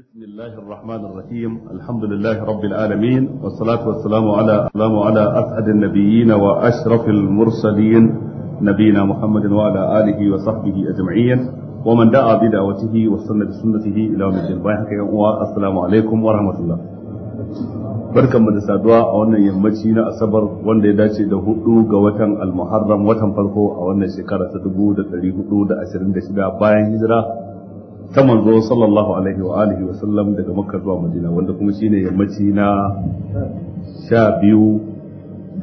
بسم الله الرحمن الرحيم الحمد لله رب العالمين والصلاة والسلام على السلام على أسعد النبيين وأشرف المرسلين نبينا محمد وعلى آله وصحبه أجمعين ومن دعا بدعوته واستنى بسنته إلى يوم الدين والسلام عليكم ورحمة الله barkan mu da saduwa a wannan yammaci na asabar wanda ya dace da hudu ga watan almuharram watan farko a wannan shekara ta 1426 bayan hijira ta manzo sallallahu alaihi wa alihi wa sallam daga makka zuwa madina wanda kuma shine yammaci na sha biyu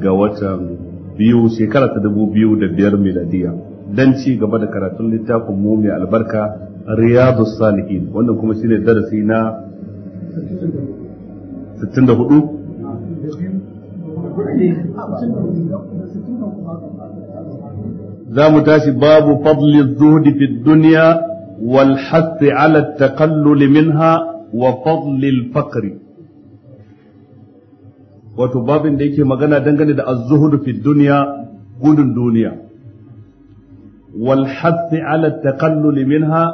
ga watan biyu shekara ta dubu biyu da biyar miladiya dan ci gaba da karatun littafin mu mai albarka riyadu salihin wannan kuma shine darasi na 64 za mu tashi babu fadli zuhudi fi duniya. والحث على التقلل منها وفضل الفقر wato babin da yake magana dangane da az-zuhud fi dunya gudun duniya wal hath ala taqallul minha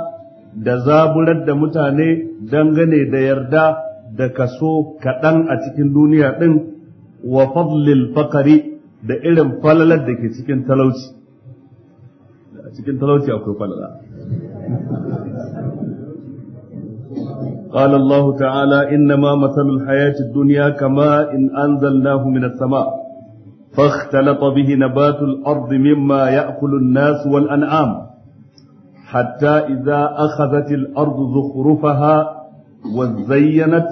da zaburar da mutane dangane da yarda da kaso kaɗan a cikin duniya ɗin wa fadlil fakari da irin falalar da ke cikin talauci a cikin talauci akwai falala قال الله تعالى إنما مثل الحياة الدنيا كما إن أنزلناه من السماء فاختلط به نبات الأرض مما يأكل الناس والأنعام حتى إذا أخذت الأرض زخرفها وزينت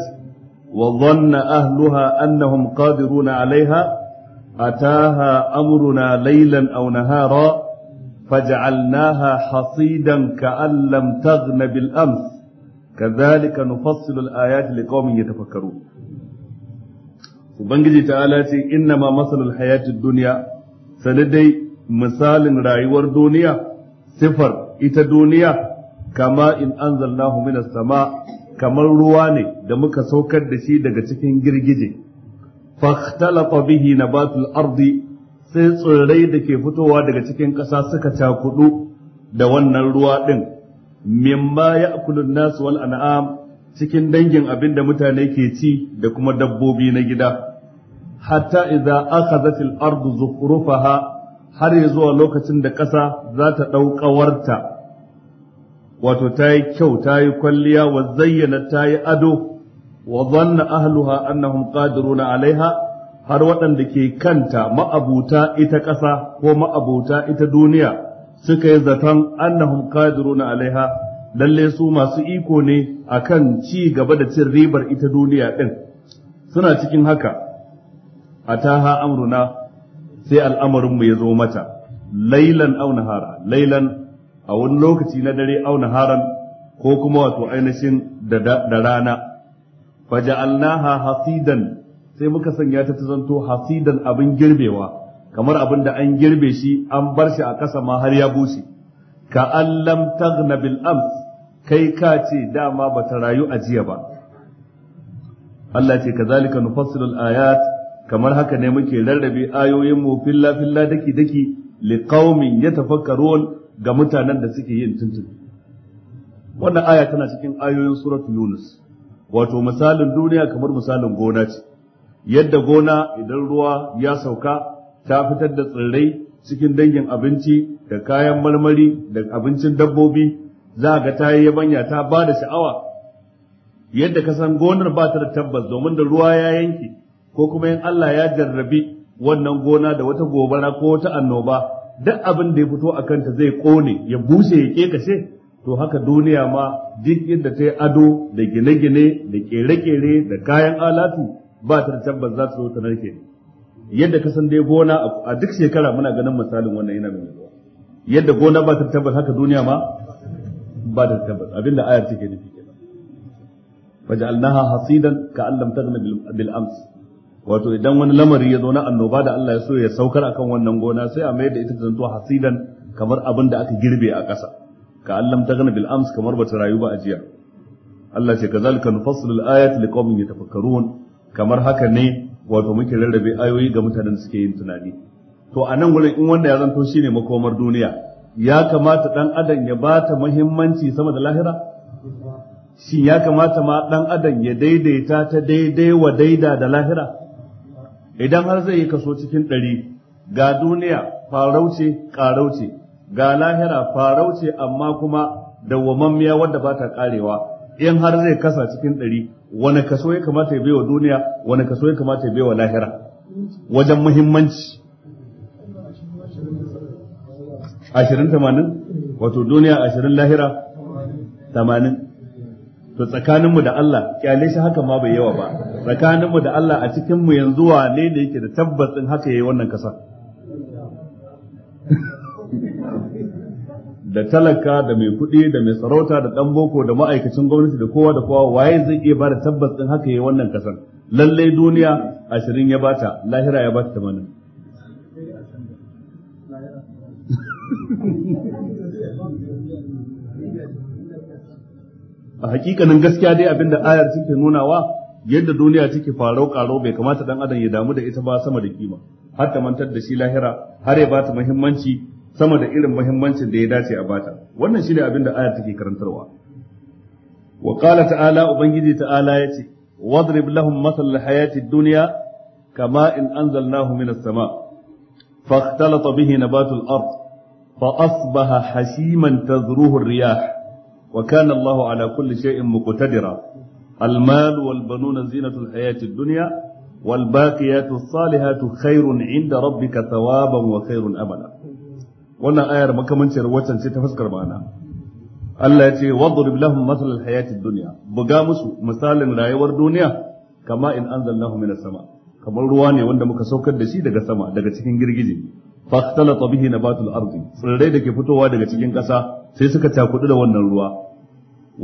وظن أهلها أنهم قادرون عليها أتاها أمرنا ليلا أو نهارا فجعلناها حصيدا كأن لم تغن بالأمس كذلك نفصل الآيات لقوم يتفكرون Ubangiji ta'ala ce inna ma masalul hayatid duniya sani dai misalin rayuwar duniya sifar ita duniya kama in anzalnahu minas sama kamar ruwa ne da muka saukar da shi daga cikin girgije fakhtalata bihi nabatul ardi sai tsirrai da ke fitowa daga cikin ƙasa suka cakudu da wannan ruwa ɗin mimma ya akulun nasu wal an'am cikin dangin abin da mutane ke ci da kuma dabbobi na gida hatta idza akhazatil ardu zukhrufaha har ya zuwa lokacin da ƙasa za ta ɗau wato ta yi kyau ta yi kwalliya wa zayyana ta yi ado wa zanna ahluha annahum qadiruna alaiha har waɗanda ke kanta ma'abuta ita ƙasa ko ma'abuta ita duniya suka yi zaton annahum na alaiha lalle su masu iko ne a kan ci gaba da cin ribar ita duniya ɗin suna cikin haka A ataha amruna sai al'amarinmu ya zo mata lailan au nahara lailan a wani lokaci na dare au naharan ko kuma wato ainihin da rana faja'alnaha hasidan sai muka sanya ta ta zanto hasidan abin girbewa kamar abin da an girbe shi an bar shi a ƙasa ma har ya bushe ka allam tagna bil ams kai ka ce dama ba ta rayu a jiya ba Allah ce kazalika nufassilu al ayat kamar haka ne muke rarrabe ayoyin mu filla filla daki daki qaumin yatafakkarun ga mutanen da suke yin tuntun. wannan aya tana cikin ayoyin suratul yunus wato misalin duniya kamar misalin gona ce yadda gona idan ruwa ya sauka ta fitar da tsirrai cikin dangin abinci da kayan marmari da abincin dabbobi za a ga ta yi yabanya ta ba da sha'awa yadda ka san gonar ba ta da tabbas domin da ruwa ya yanke ko kuma yin Allah ya jarrabi wannan gona da wata gobara ko wata annoba duk abin da ya fito a kanta zai ƙone ya bushe ya kekashe to haka duniya ma duk inda ta yi ado da gine-gine da ƙere kere da kayan alatu ba ta tabbas za su zo ta narke yadda ka san dai gona a duk shekara muna ganin misalin wannan yana mai zuwa yadda gona ba ta tabbas haka duniya ma ba ta da tabbas abinda ayar take nufi kenan faj'alnaha hasidan ka allam taghna bil ams wato idan wani lamari ya zo na annoba da Allah ya so ya saukar akan wannan gona sai a mayar da ita ta zanto hasidan kamar abin da aka girbe a ƙasa ka allam taghna bil ams kamar bata rayu ba a jiya Allah ce kazalika nufassilu al-ayati liqaumin yatafakkarun kamar haka ne wato muke rarrabe ayoyi ga mutanen da suke yin tunani to a nan gurin in wanda ya zanto shine makomar duniya ya kamata dan adam ya bata muhimmanci sama da lahira shin ya kamata ma dan adam ya daidaita ta daidai wa daida da lahira idan har zai yi kaso cikin ɗari ga duniya farauce ƙarauce ga lahira farauce amma kuma dawamammiya wadda ba ta ƙarewa in har zai kasa cikin ɗari wani kaso ya kamata ya baiwa duniya wani kaso ya kamata ya baiwa lahira wajen muhimmanci ashirin tamanin wato duniya ashirin lahira tamanin to tsakaninmu da Allah kyale shi haka ma bai yawa ba tsakaninmu da Allah a cikinmu yanzu ne ne yake da tabbacin haka ya yi wannan kasa da talaka da mai kuɗi da mai sarauta da ɗan boko da ma'aikacin gwamnati da kowa da kowa waye zai iya bada tabbas ɗin haka yi wannan kasan lallai duniya ashirin ya bata lahira ya bata tamanin a hakikanin gaskiya dai abinda ayar take nunawa yadda duniya take farau karo bai kamata dan adam ya damu da ita ba sama da kima har ta mantar da shi lahira har ya bata muhimmanci sama da irin muhimmancin da ya dace a bata wannan shine abin da ayar take karantarwa wa qala ta'ala ubangiji ta'ala yace wadrib lahum masal hayati dunya kama in anzalnahu minas sama fakhtalata bihi nabatul ard fa asbaha hashiman tazruhu ar-riyah wa kana Allah ala kulli shay'in muqtadira المال والبنون زينة الحياة الدنيا والباقيات الصالحات خير عند ربك ثوابا وخير أملا wannan ayar makamanciyar waccan ce ta fuskar ma'ana Allah ya ce wadrib lahum mathal hayati dunya buga musu misalin rayuwar duniya kama in anzalnahu minas sama kamar ruwa ne wanda muka saukar da shi daga sama daga cikin girgije fahtalata bihi nabatul ardi tsirrai da ke fitowa daga cikin ƙasa sai suka takudu da wannan ruwa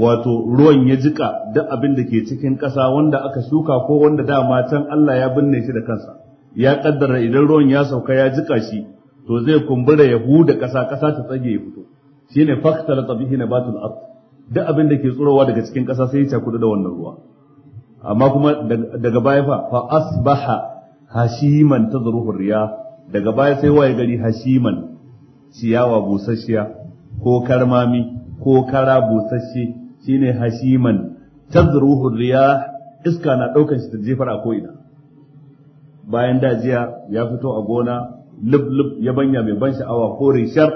wato ruwan ya jika duk abin da ke cikin ƙasa wanda aka shuka ko wanda dama can Allah ya binne shi da kansa ya kaddara idan ruwan ya sauka ya jika shi to zai kumbura ya huda ƙasa ƙasa ta tsage ya fito Shi ne shine fakhtala na nabatul ard duk abinda ke tsurowa daga cikin ƙasa sai ya cakudu da wannan ruwa amma kuma daga baya fa fa asbaha hashiman tazruhu riya daga baya sai waye gari hashiman ciyawa busasshiya ko karmami ko kara busasshe shine hashiman tazruhu riya iska na daukan shi ta jefar a ko'ina bayan da jiya ya fito a gona lublub banya mai ban sha'awa ko rishar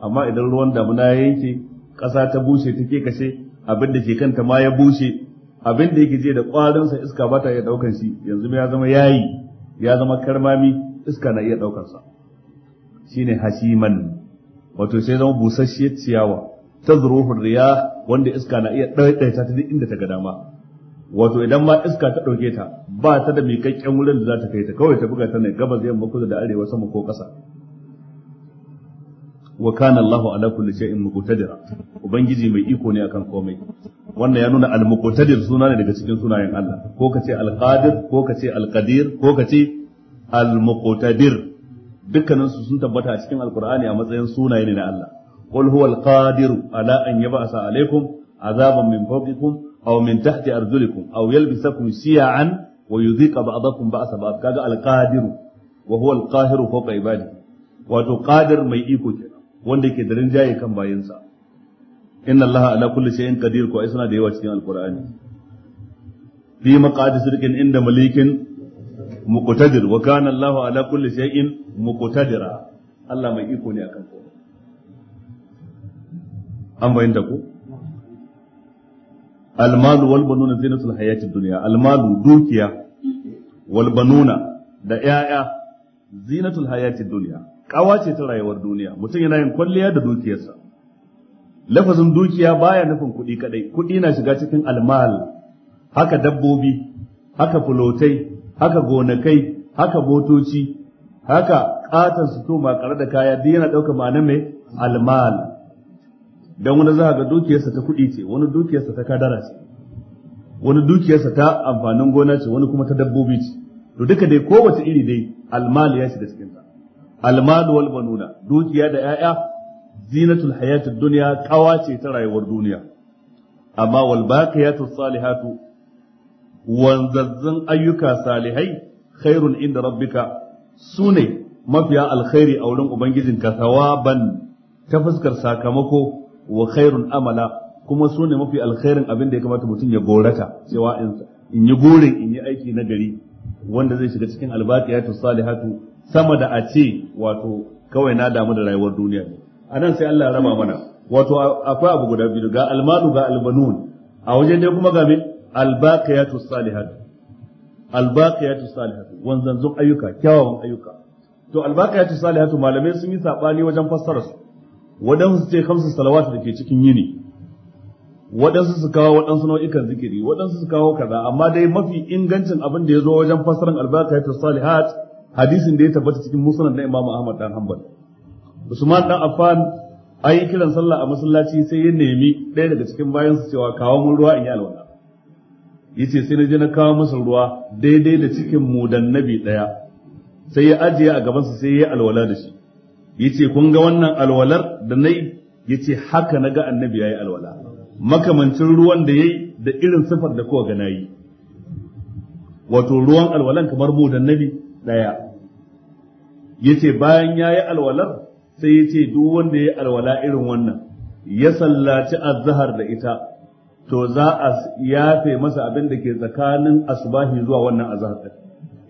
amma idan ruwan damuna ya yanke ƙasa ta bushe take kashe abin da ke kanta ma ya bushe abin da yake je da sa iska ba ta iya ɗaukan shi yanzu ya zama yayi ya zama karmami iska na iya ɗaukansa shine hasiman wato sai zama busasshiyar ciyawa ta zuruhun riya wanda iska na iya ɗaiɗaita ta duk inda ta ga dama wato idan ma iska ta ɗauke ta ba ta da miƙaƙƙen wurin da za ta kai ta kawai ta buga ta ne gabas yamma kudu da arewa sama ko ƙasa wa kana Allahu ala kulli shay'in muqtadira ubangiji mai iko ne akan komai wannan ya nuna al muqtadir suna ne daga cikin sunayen Allah ko ka ce al qadir ko ka ce al qadir ko ka ce al muqtadir dukkanin su sun tabbata a cikin alqur'ani a matsayin sunaye ne na Allah qul huwal qadiru ala an yab'asa alaikum azaban min fawqikum aw min tahti arjulikum aw yalbisakum shi'an wa yudhiqa ba'dakum ba'sa ba'd kaga al-qadiru wa al-qahiru fawqa ibadi wato qadir mai iko kenan wanda yake da rinjaye kan bayansa inna allaha ala kulli shay'in qadir ko ai suna da yawa cikin alqur'ani fi maqadi sirkin inda malikin muqtadir wa kana Allahu ala Allah mai iko ne an ku almalu wal banuna zinatul hayatid dunya almalu dukiya wal banuna da 'ya'ya zinatul hayatid dunya kawa ce ta rayuwar duniya mutum yana yin kwalliya da dukiyarsa lafazin dukiya baya nufin kuɗi kadai kuɗi na shiga cikin almal haka dabbobi haka fulotai haka gonakai haka botoci, haka katon su to makare da kaya duk yana ɗauka ma'ana mai almal dan wani za ga dukiyarsa ta kuɗi ce wani dukiyarsa ta kadara ce wani dukiyarsa ta amfanin gona ce wani kuma ta dabbobi ce to duka dai kowace iri dai almal ya shiga cikin ta almal wal banuna dukiya da yaya zinatul hayatid dunya kawa ce ta rayuwar duniya amma wal baqiyatus salihatu wanzazzan ayyuka salihai khairun inda rabbika sune mafiya alkhairi a wurin ubangijinka thawaban ta fuskar sakamako wa khairun amala kuma su ne mafi alkhairin abin da ya kamata mutum ya gorata cewa in yi gore in yi aiki na gari wanda zai shiga cikin albaqiyatu salihatu sama da a ce wato kawai na damu da rayuwar duniya ne anan sai Allah ya raba mana wato akwai abu guda biyu ga almadu ga albanun a wajen ne kuma ga me albaqiyatu salihatu albaqiyatu salihatu wanzanzun ayyuka kyawawan ayyuka to albaqiyatu salihatu malamai sun yi sabani wajen fassara su waɗansu su ce kamsu salawatu da ke cikin yini waɗansu su kawo waɗansu nau'ikan zikiri waɗansu su kawo kaza amma dai mafi ingancin abin da ya zo wajen fassarar ya salihat hadisin da ya tabbata cikin musulun na Imam Ahmad dan Hanbal Usman dan Affan ai kiran sallah a masallaci sai ya nemi ɗaya daga cikin bayan su cewa kawo mun ruwa in yi alwala yace sai na je na kawo masa ruwa daidai da cikin mudan nabi ɗaya sai ya ajiye a gabansa sai ya yi alwala da shi yace kun ga wannan alwalar da nayi yace haka naga annabi yayi alwala makamancin ruwan da yayi da irin sifar da kowa ga nayi wato ruwan alwalan kamar mu da nabi daya yace bayan yayi alwalar sai yace duk wanda yayi alwala irin wannan ya sallaci azhar da ita to za a yafe masa abin da ke tsakanin asbahi zuwa wannan azhar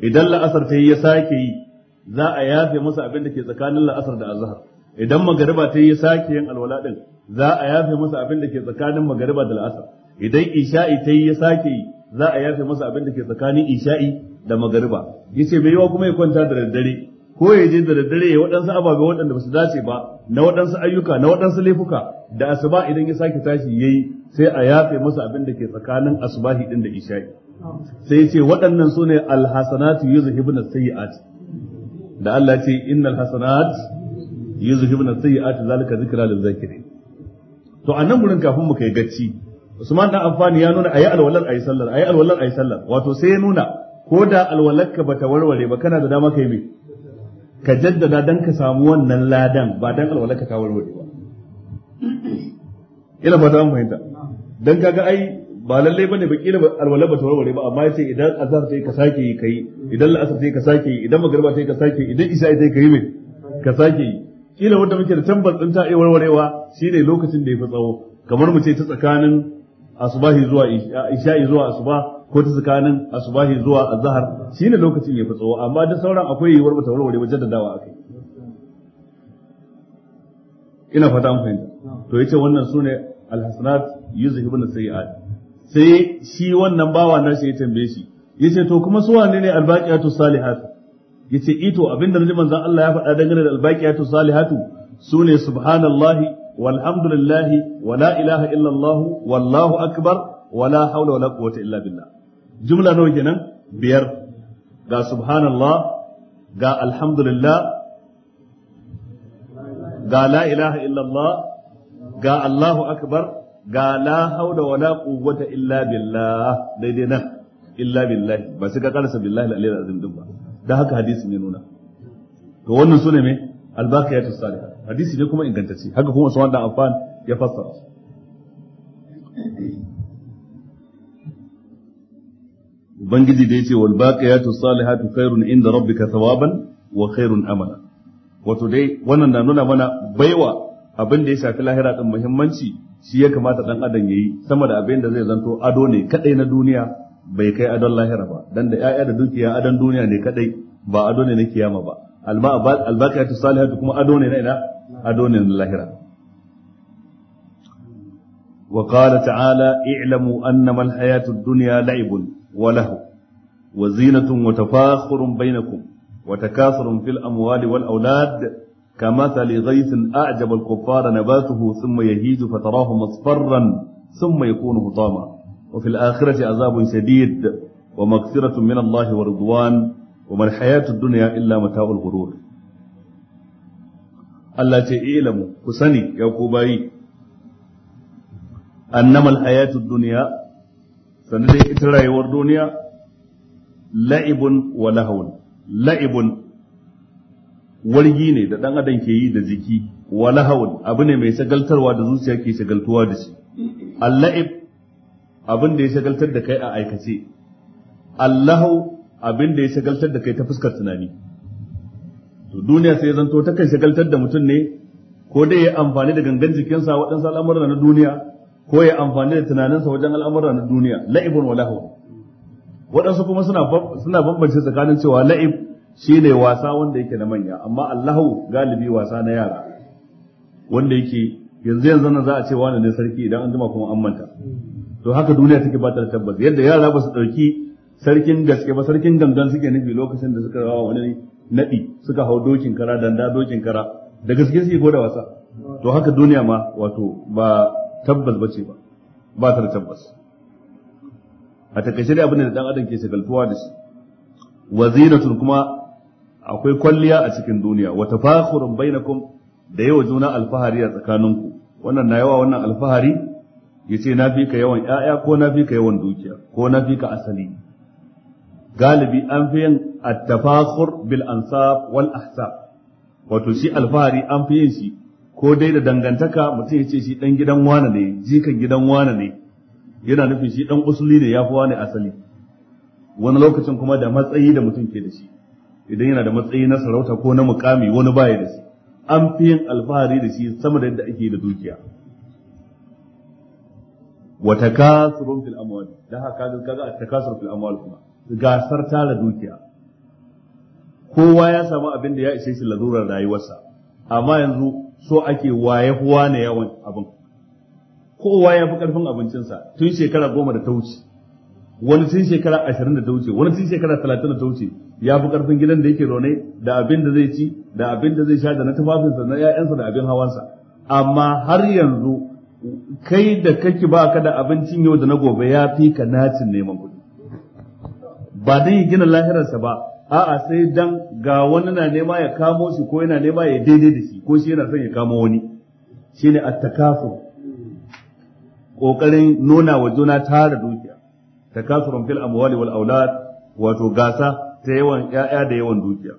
idan la'asar ta yi ya sake yi za a yafe masa abin da ke tsakanin la'asar da azhar idan magariba ta yi sake yin alwala din za a yafe masa abin da ke tsakanin magariba da la'asar idan isha'i ta yi sake yi za a yafe masa abin da ke tsakanin isha'i da magariba yace bai yiwa kuma ya kwanta da daddare ko ya je da daddare ya waɗansu ababe waɗanda ba su dace ba na waɗansu ayyuka na waɗansu laifuka da asuba idan ya sake tashi yayi sai a yafe masa abin da ke tsakanin asubahi din da isha'i sai yace waɗannan sune alhasanatu yuzhibuna sayyi'ati da Allah ce innal hasanat yuzhibun sayyi'at zalika zikra lil zakirin to a nan gurin kafin mu kai gacci Usman dan amfani ya nuna ayi alwalar ayi sallar ayi alwalar ayi sallar wato sai ya nuna ko da alwalarka bata warware ba kana da dama kai me ka jaddada dan ka samu wannan ladan ba dan alwalarka ka warware ba ina fata an fahimta dan kaga ai ba lallai bane ba kila alwala ba tawarware ba amma yace idan azhar sai ka sake yi kai idan la'asar sai ka sake yi idan magriba sai ka sake yi, idan isha sai ka yi mai ka sake yi kila wanda muke da tambar din ta warwarewa shine lokacin da yafi tsawo kamar mu ce ta tsakanin asubahi zuwa isha zuwa asuba ko ta tsakanin asubahi zuwa azhar shine lokacin yafi tsawo amma da sauran akwai yiwuwar ba tawarware ba jaddadawa akai ina fata an fahimta to yace wannan sune alhasanat yuzhibu sayyi'at sai shi wannan bawa shi ya tambaye shi ya ce to kuma su wane ne albaqiyatu salihatu ce ito abinda naji manzon Allah ya faɗa dangane da albaqiyatu salihatu ne, subhanallahi walhamdulillahi wala ilaha illallah wallahu akbar wala hawla wala quwwata illa billah jumla nawa kenan biyar ga subhanallah ga alhamdulillah ga la ilaha illallah ga allahu akbar ga la haula wala quwwata illa billah daidai nan illa billahi ba sai ka karasa billahi al-aliyyil azim din ba dan haka hadisi ne nuna to wannan sune me al-baqiyatus salihah hadisi ne kuma ingantacce haka kuma Usman dan Affan ya fassara ubangiji da ce wal baqiyatus salihatu khairun inda rabbika thawaban wa khairun amala wato dai wannan na nuna mana baiwa abin da ya shafi lahira din muhimmanci shi ya kamata dan adam yayi sama da abin da zai zanto ado ne kadai na duniya bai kai adon lahira ba dan da ƴaƴa da dukiya adon duniya ne kadai ba ado ne na kiyama ba alma albaqiyatu salihatu kuma ado ne na ina ado ne na lahira وقال تعالى اعلموا أنما الحياة الدنيا لعب وله وزينة وتفاخر بينكم وتكاثر في الأموال والأولاد كمثل غيث أعجب الكفار نباته ثم يهيج فتراه مصفرا ثم يكون هطاما وفي الآخرة عذاب شديد ومغفرة من الله ورضوان وما الحياة الدنيا إلا متاع الغرور الله تعلم حسني يا كوباي أنما الحياة الدنيا annamal hayatud والدنيا لعب ita لعب wargi ne da dan adam ke yi da jiki wa lahawun abu ne mai shagaltarwa da zuciya ke shagaltuwa da shi allaib abin da ya shagaltar da kai a aikace allahu abin da ya shagaltar da kai ta fuskar tunani to duniya sai zanto ta kan shagaltar da mutum ne ko dai ya amfani da gangan jikinsa waɗansu al'amuran na duniya ko ya amfani da tunaninsa wajen al'amuran na duniya la'ibun wa lahawun waɗansu kuma suna bambance tsakanin cewa la'ib Shi ne wasa wanda yake na manya amma allahu galibi wasa na yara wanda yake yanzu yanzu nan za a ce wani ne sarki idan an jima kuma an manta to haka duniya take ba ta tabbas yadda yara ba su dauki sarkin gaske ba sarkin gangan suke nufi lokacin da suka rawa wani naɗi, suka hau dokin kara danda dokin kara da gaske suke goda wasa to haka duniya ma wato ba tabbas bace ba ba ta da tabbas a takaice dai abin da dan adam ke shagaltuwa da shi wazinatun kuma akwai kwalliya a cikin duniya wa tafakhurun bainakum da yawa juna alfahari a tsakaninku wannan na yawa wannan alfahari yace na fi ka yawan ƴaƴa ko na fi ka yawan dukiya ko na fi ka asali galibi an fi yin at bil ansab wal ahsab wato shi alfahari an fi yin shi ko dai da dangantaka mutum ya ce shi dan gidan wane ne jikan gidan wane ne yana nufin shi dan usuli ne ya fi wane asali wani lokacin kuma da matsayi da mutum ke da shi idan yana da matsayi na sarauta ko na mukami wani baya da shi an fi yin alfahari da shi sama da yadda ake da dukiya wa takasurun fil amwal da haka ga kaga takasur fil amwal kuma gasar tara dukiya kowa ya samu abin da ya ishe shi lalurar rayuwarsa amma yanzu so ake waye huwa ne yawan abin kowa ya fi karfin abincinsa tun shekara goma da ta wuce wani sun shekara ashirin da ta wuce wani sun shekara talatin da ta wuce ya fi karfin gidan da yake zaune da abin da zai ci da abin da zai sha da na tufafinsa na 'ya'yansa da abin hawansa amma har yanzu kai da kake ba ka da abincin yau da na gobe ya fi ka nacin neman kuɗi ba dan ya gina lahirarsa ba a'a sai dan ga wani na nema ya kamo shi ko yana nema ya daidai da shi ko shi yana son ya kamo wani shine at-takafur kokarin nuna wa juna tara dukiya takasurun fil amwali wal aulad wato gasa ta yawan ƴaƴa da yawan dukiya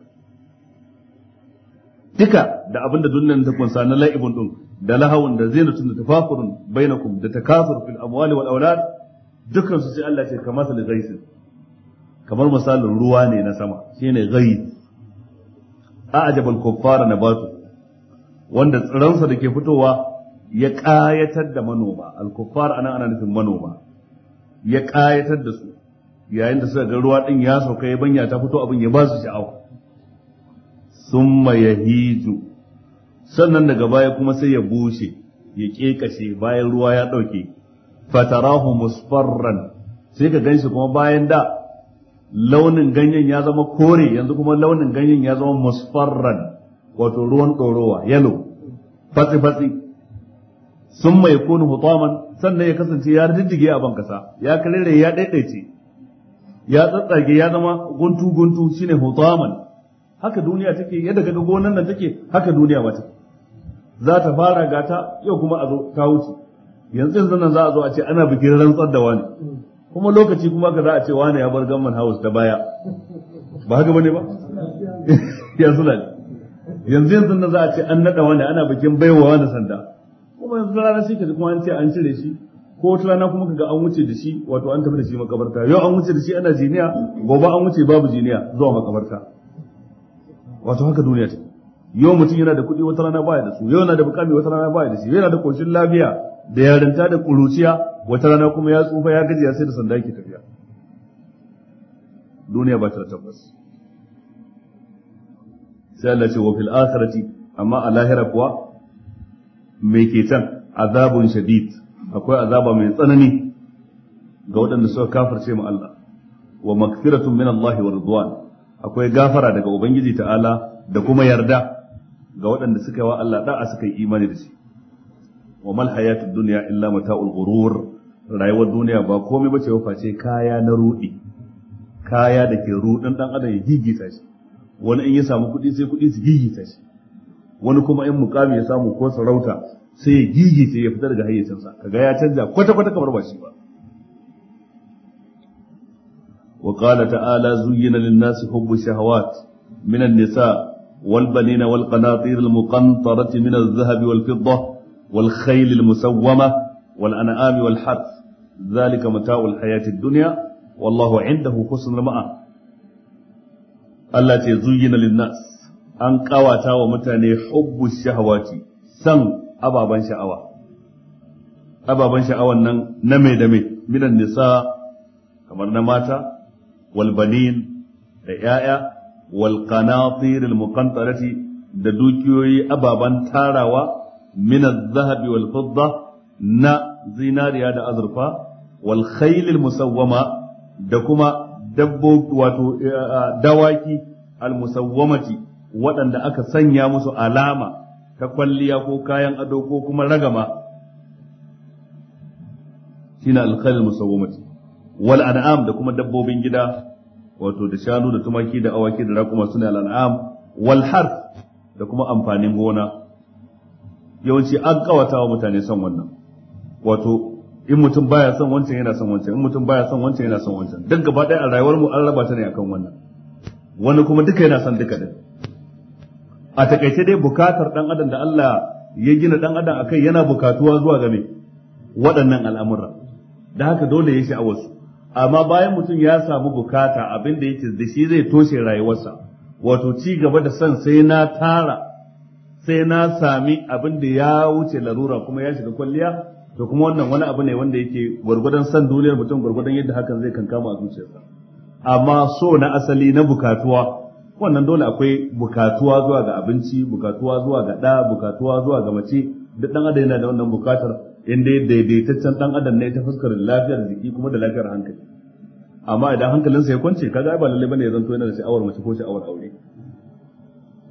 duka da abin da dunnan ta kunsa na la'ibun din da lahawun da zinatun da tafakurun bainakum da takasur fil amwali wal aulad dukkan su sai Allah ce kamar sal ghaisin kamar misalin ruwa ne na sama shine ghais a'jabal kuffara nabatu wanda tsiransa da ke fitowa ya ƙayatar da manoma al-kuffar anan ana nufin manoma ya ƙayatar da su yayin da suka ga ruwa ɗin ya sauka ya banya ta fito abin ya ba su sha'awa summa hiju sannan daga baya kuma sai ya bushe ya ƙeƙashe bayan ruwa ya ɗauke. fatarahu musfarran sai ka gan shi kuma bayan da launin ganyen ya zama kore yanzu kuma launin ganyen ya zama musfarran wato ruwan ɗorowa yalo fatsi fatsi sun mai kunu hutaman sannan ya kasance ya rijige a ban kasa ya karere ya daidaice ya tsatsage ya zama guntu guntu shine hutaman haka duniya take yadda kaga gonan nan take haka duniya ba take za ta fara gata yau kuma a zo ta wuce yanzu yanzu nan za a zo a ce ana bikin rantsar da wani kuma lokaci kuma ka za a ce wani ya bar gamman house da baya ba haka bane ba yanzu nan yanzu yanzu nan za a ce an nada wani ana bikin baiwa wani sanda kuma yanzu rana sai ka kuma an ce an cire shi ko wata rana kuma ga an wuce da shi wato an tafi da shi makabarta yau an wuce da shi ana jiniya gobe an wuce babu jiniya zuwa makabarta wato haka duniya ta yau mutum yana da kuɗi wata rana baya da su yau yana da bukami wata rana baya da shi yana da koshin lafiya da yarinta da kuruciya wata rana kuma ya tsufa ya gaji ya sai da sanda yake tafiya duniya ba ta da tabbas sai Allah ce wa fil akhirati amma a lahira kuwa Mai ke can azabun shadid akwai azaba mai tsanani ga waɗanda suka kafirce mu Allah wa magfiratun min Allah wa ridwan akwai gafara daga ubangiji ta'ala da kuma yarda ga waɗanda suka yi wa Allah da'a suka yi imani da shi wa mal hayatud dunya illa mata'ul ghurur rayuwar duniya ba komai bace wa face kaya na rudi kaya da ke rudin dan adam ya gigita shi wani in ya samu kuɗi sai kuɗi su gigita shi wani kuma in mukami ya samu ko sarauta sai ya gigi sai ya fita daga hayyacinsa kaga ya canza kwata kwata kamar ba shi ba wa qala ta'ala zuyyina lin nasi hubbu shahawat min an-nisa wal banina wal qanatir al muqantarati min adh-dhahab wal fidda wal khayl al musawwama wal an'am wal harth ذلك متاع الحياة الدنيا والله عنده حسن المآب الله تزين للناس an kawata wa mutane hubbu shahawati san ababan sha'awa ababan sha'awan nan na mai da mai minan nisa kamar na mata wal banin da yaya wal qanatir al muqantarati da dukiyoyi ababan tarawa min zahabi wal fidda na zinariya da azurfa wal khayl al musawwama da kuma dabbo wato eh, eh, dawaki al musawwamati waɗanda aka sanya musu alama ta kwalliya ko kayan ado ko kuma ragama shine alkhalil musawwamati wal an'am da kuma dabbobin gida wato da shanu da tumaki da awaki da rakuma suna al an'am wal harf da kuma amfanin gona yawanci an kawata wa mutane son wannan wato in mutum baya son wancan yana son wancan in mutum baya son wancan yana son wancan duk gaba ɗaya a rayuwar mu an raba ta ne akan wannan wani kuma duka yana son duka din a takaice dai bukatar dan adam da Allah ya gina dan adam akai yana bukatuwa zuwa ga waɗannan al'amura da haka dole ya shi su amma bayan mutum ya samu bukata abin da yake da shi zai toshe rayuwarsa wato ci gaba da san sai na tara sai na sami abin da ya wuce larura kuma ya shiga kwalliya to kuma wannan wani abu ne wanda yake gwargwadon san duniyar mutum gwargwadon yadda hakan zai kankama a zuciyarsa amma so na asali na bukatuwa wannan dole akwai bukatuwa zuwa ga abinci bukatuwa zuwa ga ɗa bukatuwa zuwa ga mace duk ɗan adam yana da wannan bukatar Inda dai daidaitaccen ɗan adam ne ta fuskar lafiyar jiki kuma da lafiyar hankali amma idan hankalinsa ya kwance kaga ba lalle bane ya zanto yana da sha'awar mace ko sha'awar aure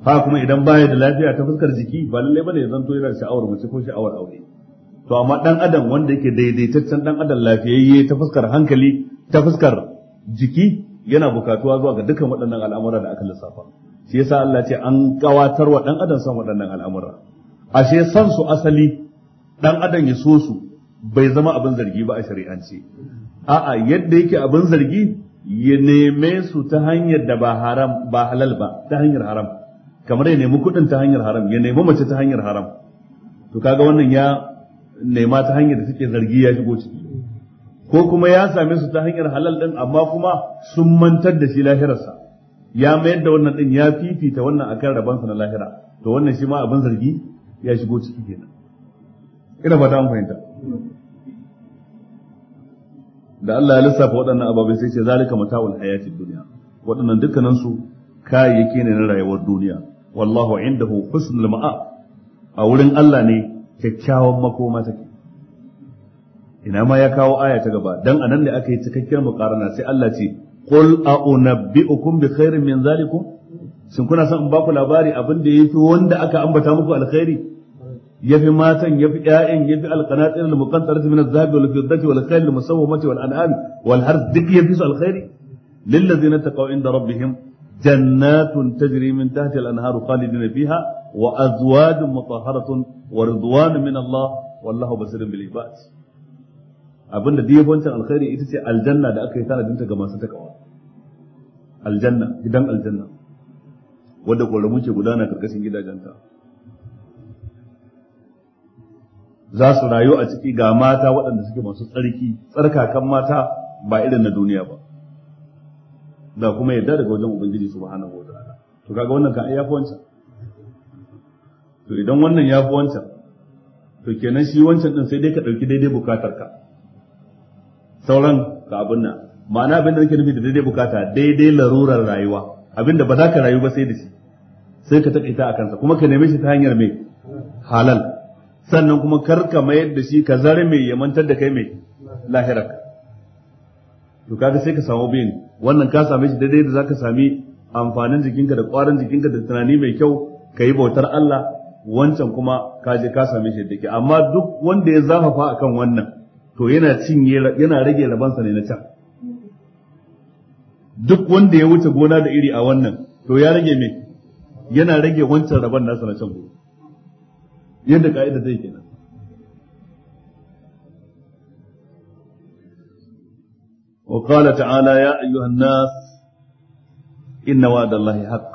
ha kuma idan baya da lafiya ta fuskar jiki ba lalle bane ya zanto yana da sha'awar mace ko sha'awar aure to amma dan adam wanda yake daidaitaccen dan adam lafiyayye ta fuskar hankali ta fuskar jiki yana bukatuwa zuwa ga dukkan waɗannan al'amura da aka lissafa shi yasa Allah ce an kawatar wa dan adam san waɗannan al'amura ashe san su asali dan adam ya so su bai zama abin zargi ba a shari'ance a'a yadda yake abin zargi ya neme su ta hanyar da ba haram ba halal ba ta hanyar haram kamar ya nemi kuɗin ta hanyar haram ya nemi mace ta hanyar haram to kaga wannan ya nema ta hanyar da take zargi ya shigo ciki ko kuma ya same su ta hanyar halal din amma kuma sun mantar da shi lahirarsa ya mayar da wannan din ya fifita wannan akan rabansa na lahira to wannan shi ma abin zargi ya shigo ciki kenan ina fata an fahimta da Allah ya lissafa waɗannan ababai sai ce zalika mata'ul hayatid dunya waɗannan dukkanin su kayayyaki ne na rayuwar duniya wallahu indahu husnul ma'a a wurin Allah ne kyakkyawan makoma take ina ma ya kawo aya ta gaba dan anan ne aka yi cikakkiyar muqarana sai Allah ce qul a unabbiukum bi khairin min zalikum shin kuna son in baku labari abin da yafi wanda aka ambata muku alkhairi yafi matan yafi 'ya'yan, yafi alqanatir almuqantarati min adh-dhahabi wal fiddati wal khayl almusawwamati wal an'am wal harth duk yafi su alkhairi lil ladzina taqaw inda rabbihim jannatun tajri min tahtiha al-anharu khalidina fiha wa azwajun mutahharatun wa ridwanun min Allah wallahu basirun bil ibad abin da dibancin alkhairi ita ce aljanna da aka yi tanadinta ga masu takawa aljanna gidan aljanna wadda ƙoramu ke gudana karkashin gidajenta za su rayu a ciki ga mata waɗanda suke masu tsarki tsarkakan mata ba irin na duniya ba da kuma yadda daga wajen ubangiji su wa ta'ala to kaga wannan kan ya fi wancan to idan wannan ya fi wancan to kenan shi wancan din sai dai ka ɗauki daidai bukatar ka sauran ka abin nan ma'ana abin da nake nufi da daidai bukata daidai larurar rayuwa abin da ba za ka rayu ba sai da shi sai ka taƙaita a kansa kuma ka neme shi ta hanyar mai halal sannan kuma kar ka mayar da shi ka zare mai ya mantar da kai mai lahirar to kaga sai ka samu bin wannan ka same shi daidai da zaka sami amfanin jikinka da kwarin jikinka da tunani mai kyau ka yi bautar Allah wancan kuma ka je ka same shi da ke amma duk wanda ya zafafa akan wannan to yana cinye yana rage rabansa ne na can duk wanda ya wuce gona da iri a wannan to ya rage me yana rage wancan raban nasa na can gobe yadda ka'ida zai kenan وقال تعالى يا أيها الناس إن وعد الله حق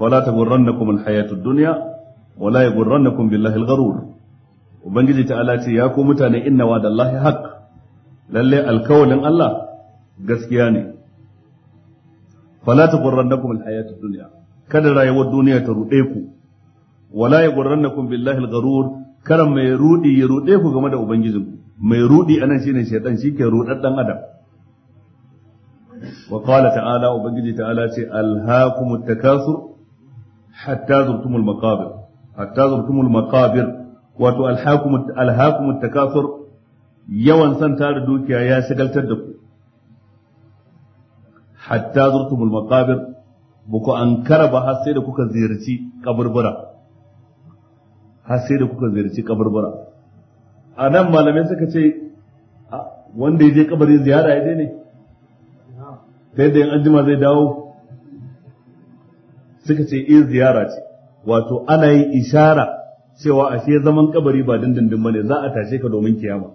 ولا تغرنكم الحياة الدنيا ولا يغرنكم بالله الغرور ubangiji ta'ala ce ya ku mutane inna wa da Allah haqq lalle alkawalin Allah gaskiya ne fala taghurrannakum alhayatud dunya kada rayuwar duniya ta rude ku wala yaghurrannakum billahi algharur kada mai rudi ya rude ku game da ubangijinku mai rudi anan shine shaytan shike rudaddan adam وقال تعالى وبنجي تعالى ألهاكم التكاثر حتى زرتم المقابر حتى زرتم المقابر wato alhakum takasur yawan son tara dukiya ya shagaltar da ku hatta zurtumul maqabir ba ku ankara ba har sai da kuka ziyarci kaburbura har sai da kuka ziyarci kaburbura a nan malamai suka ce wanda ya je kabarin ziyara ya je ne ta yadda yin anjima zai dawo suka ce in eh, ziyara ce wato ana yin ishara cewa ashe zaman kabari ba dindindin bane za a tashe ka domin kiyama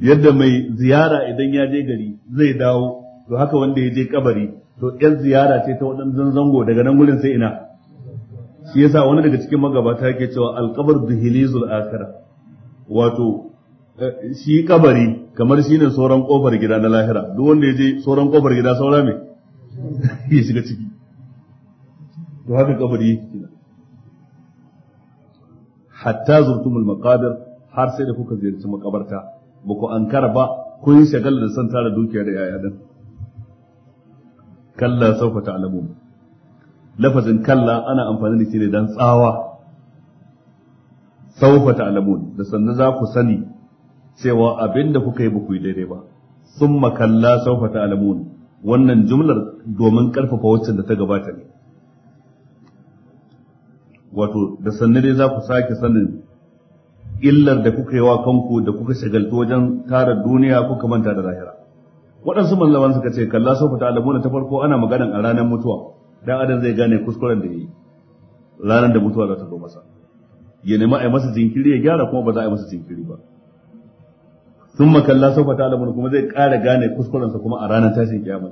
yadda mai ziyara idan ya je gari zai dawo to haka wanda ya je kabari to yan ziyara ce ta waɗannan zango daga nan gurin sai ina shi yasa wani daga cikin magabata yake cewa alqabar bihilizul akhirah wato eh, shi kabari kamar shine sauran kofar gida na lahira duk wanda ya je sauran kofar gida saura me ya shiga ciki to haka kabari hatta zurtumul maqabir har sai da kuka ziyarci makabarta ba ku ankara ba kun yi shagal da san tara dukiya da yaya din kalla sawfa ta'lamun lafazin kalla ana amfani da shi ne dan tsawa sawfa ta'lamun da sannan za ku sani cewa abinda kuka yi ba ku yi daidai ba summa kalla sawfa ta'lamun wannan jumlar domin karfafa waccan da ta gabata ne wato da sannu dai za ku sake sanin illar da kuka yi wa kanku da kuka shagaltu wajen tara duniya kuka manta da lahira waɗansu mallaman suka ce kalla sofa ta alamuna ta farko ana maganan a ranar mutuwa dan adam zai gane kuskuren da ya yi ranar da mutuwa za ta zo masa ya nema a yi masa jinkiri ya gyara kuma ba za a yi masa jinkiri ba sun makalla sofa ta alamuna kuma zai ƙara gane kuskurensa kuma a ranar tashin kiyama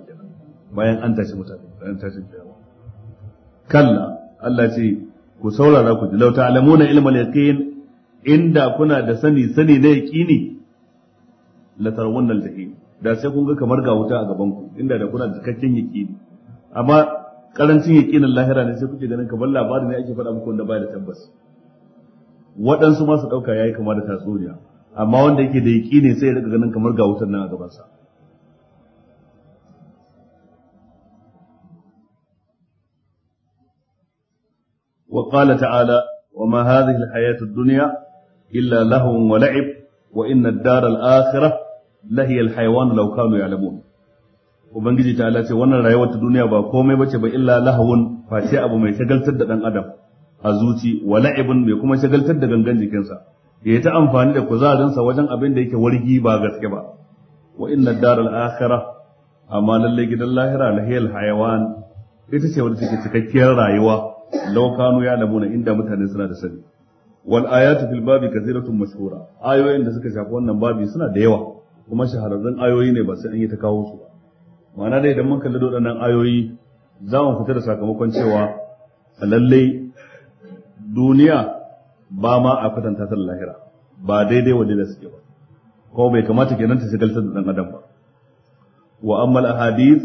bayan an tashi mutane ranar tashin kiyama kalla Allah ce ku saurara ku ji law ta'lamuna ilmal yaqin inda kuna da sani sani na yaqini la tarawunna al-jahim da sai kun ga kamar ga wuta a gaban ku inda da kuna da cikakken yaqini amma karancin yaqinin lahira ne sai kuke ganin kamar labari ne ake faɗa muku wanda baya da tabbas waɗansu ma su ɗauka yayi kama da tatsuniya amma wanda yake da yaqini sai ya riga ganin kamar ga wutan nan a gabansa وقال تعالى وما هذه الحياة الدنيا إلا لهو ولعب وإن الدار الآخرة لهي الحيوان لو كانوا يعلمون ubangiji ta ce wannan rayuwar ta duniya ba komai bace ba illa lahawun face abu mai shagaltar da dan adam a zuci wala ibn mai kuma shagaltar da gangan jikinsa ya ta amfani da kuzarinsa wajen abin da yake wargi ba gaske ba wa inna daral akhirah amma lalle gidan lahira lahiyal hayawan ita ce wadda take cikakkiyar rayuwa law ya ya'lamuna inda mutane suna da sani wal ayatu fil babi kathiratun mashhura ayoyin da suka shafi wannan babi suna da yawa kuma shahararrun ayoyi ne ba sai an yi ta kawo su ba ma'ana dai idan mun kalli waɗannan ayoyi za mu fita da sakamakon cewa lallai duniya ba ma a kwatanta ta lahira ba daidai wani da suke ba ko bai kamata nan ta ta da dan adam ba wa amma al-ahadith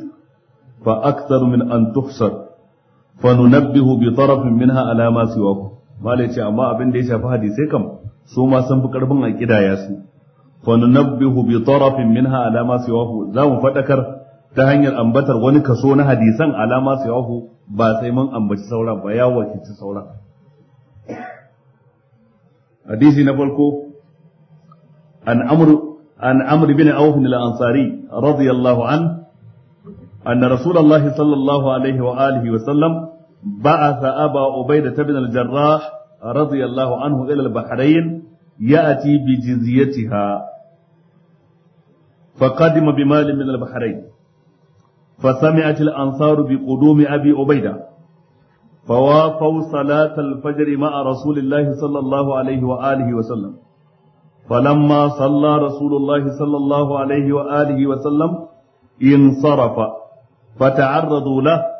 fa aktsaru min an tuhsar fa nunabbihu bi tarafin minha ala ma siwaku malai ce amma abin da ya shafi hadisai kam su ma sun karfin a kidaya su fa nunabbihu bi tarafin minha ala ma siwaku za mu fadakar ta hanyar ambatar wani kaso na hadisan ala ma siwaku ba sai mun ambaci ba ya wakilci hadisi na farko an amru عن عمرو بن عوف الأنصاري رضي الله عنه أن رسول الله صلى الله عليه وآله وسلم بعث أبا عبيدة بن الجراح رضي الله عنه إلى البحرين يأتي بجزيتها فقدم بمال من البحرين فسمعت الأنصار بقدوم أبي عبيدة فوافوا صلاة الفجر مع رسول الله صلى الله عليه وآله وسلم فلما صلى رسول الله صلى الله عليه وآله وسلم انصرف فتعرضوا له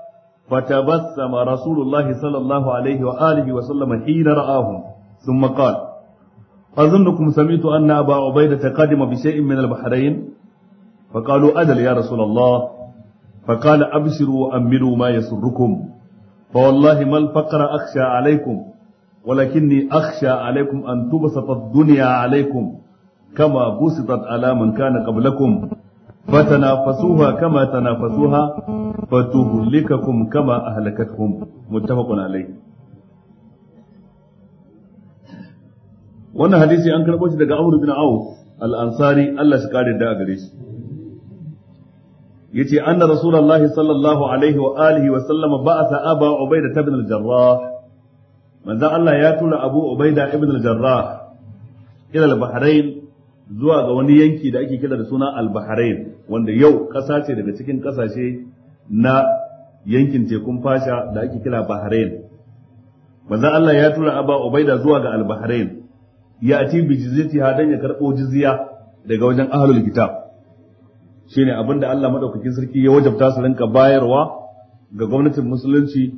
فتبسم رسول الله صلى الله عليه وآله وسلم حين رآهم ثم قال أظنكم سمعت أن أبا عبيدة قدم بشيء من البحرين فقالوا أجل يا رسول الله فقال أبشروا وأملوا ما يسركم فوالله ما الفقر أخشى عليكم ولكني أخشى عليكم أن تبسط الدنيا عليكم كما بسطت على من كان قبلكم فتنافسوها كما تنافسوها fatuhlikakum kama ahlakatuhum muttafaqun alayh wannan hadisi an karɓo shi daga Amr bin Auf al-Ansari Allah shi kare da gare shi yace anna rasulullahi sallallahu alaihi wa alihi wa sallama ba'atha aba ubaida ibn al-jarrah manzo Allah ya tura Abu Ubaida ibn al-Jarrah ila al-Bahrain zuwa ga wani yanki da ake kira da suna al-Bahrain wanda yau kasa ce daga cikin kasashe na yankin tekun fasha da ake kira bahrain manzon Allah ya tura aba ubaida zuwa ga al-bahrain ya ati bi jizyatiha dan ya karbo jizya daga wajen ahlul kitab shine abinda Allah madaukakin sarki ya wajabta su rinka bayarwa ga gwamnatin musulunci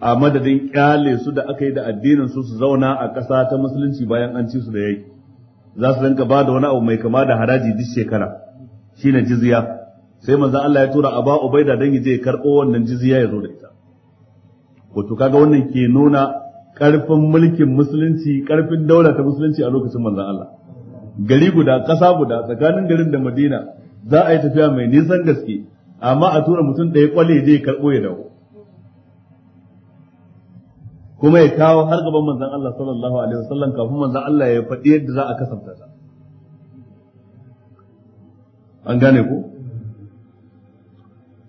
a madadin kyale su da aka yi da addinin su su zauna a ƙasa ta musulunci bayan an ci su da yayi za su rinka ba da wani abu mai kama da haraji duk shekara shine jizya sai manzo Allah ya tura Aba Ubaida dan yaje karbo wannan jizya ya zo da ita wato kaga wannan ke nuna karfin mulkin musulunci karfin daula ta musulunci a lokacin manzo Allah gari guda ƙasa guda tsakanin garin da Madina za a yi tafiya mai nisan gaske amma a tura mutum ɗaya kwale je karbo ya dawo kuma ya kawo har gaban manzon Allah sallallahu alaihi wasallam kafin manzon Allah ya faɗi yadda za a kasanta an gane ko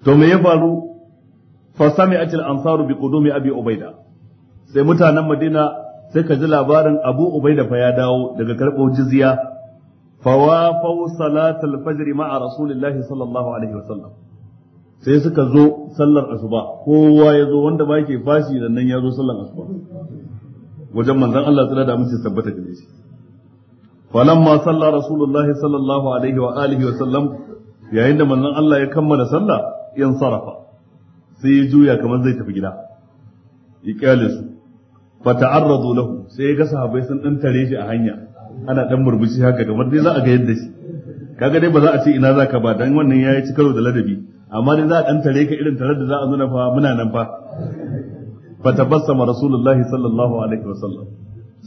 to me ya faru fa sami'atil ansaru bi qudumi abi ubaida sai mutanen madina sai ka ji labarin abu ubaida fa ya dawo daga karɓo jizya fa wa fau salatal fajr ma'a rasulillahi sallallahu alaihi wasallam sai suka zo sallar asuba kowa ya zo wanda ba yake fashi da nan ya zo sallar asuba wajen manzon Allah tsira da mutum tabbata gare shi falamma sallar rasulullahi sallallahu alaihi wa alihi wa sallam yayin da manzon Allah ya kammala sallah in sarafa sai ya juya kamar zai tafi gida ya kyale su fa ta'arradu lahu sai ga sahabbai sun dan tare shi a hanya ana dan murmushi haka kamar dai za a ga yadda shi kaga dai ba za a ce ina zaka ba dan wannan yayi ci karo da ladabi amma dai za a dan tare ka irin tare da za a nuna fa muna nan fa fa tabassama rasulullahi sallallahu alaihi wasallam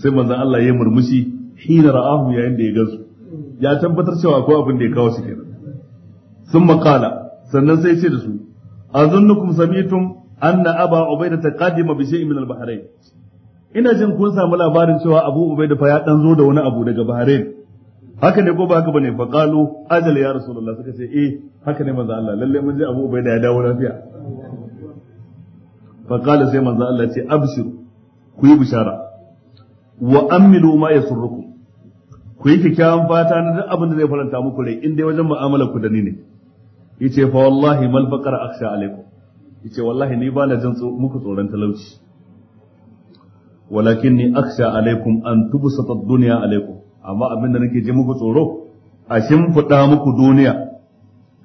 sai manzon Allah ya murmushi hina ra'ahu yayin da ya gansu ya tabbatar cewa akwai abin da ya kawo shi kenan sun makala sannan sai ce da su azunnukum samitum anna aba ubaida qadima bi shay'in min al-bahrain ina jin kun samu labarin cewa abu ubaida fa ya dan zo da wani abu daga bahrain haka ne ko ba haka bane fa qalu ajal ya rasulullah suka ce eh haka ne manzo Allah lalle mun ji abu ubaida ya dawo lafiya fa qala sai manzo Allah ce abshiru ku yi bishara wa amilu ma yasurrukum ku yi kyakkyawan fata na duk abin da zai faranta muku rai in dai wajen mu'amalar ku da ni ne yace fa wallahi mal faqar akhsha alaikum yace wallahi ni ba na jin muku tsoron talauci walakinni akhsha alaikum an tubsata ad-dunya alaikum amma abin da nake ji muku tsoro a shimfiɗa muku duniya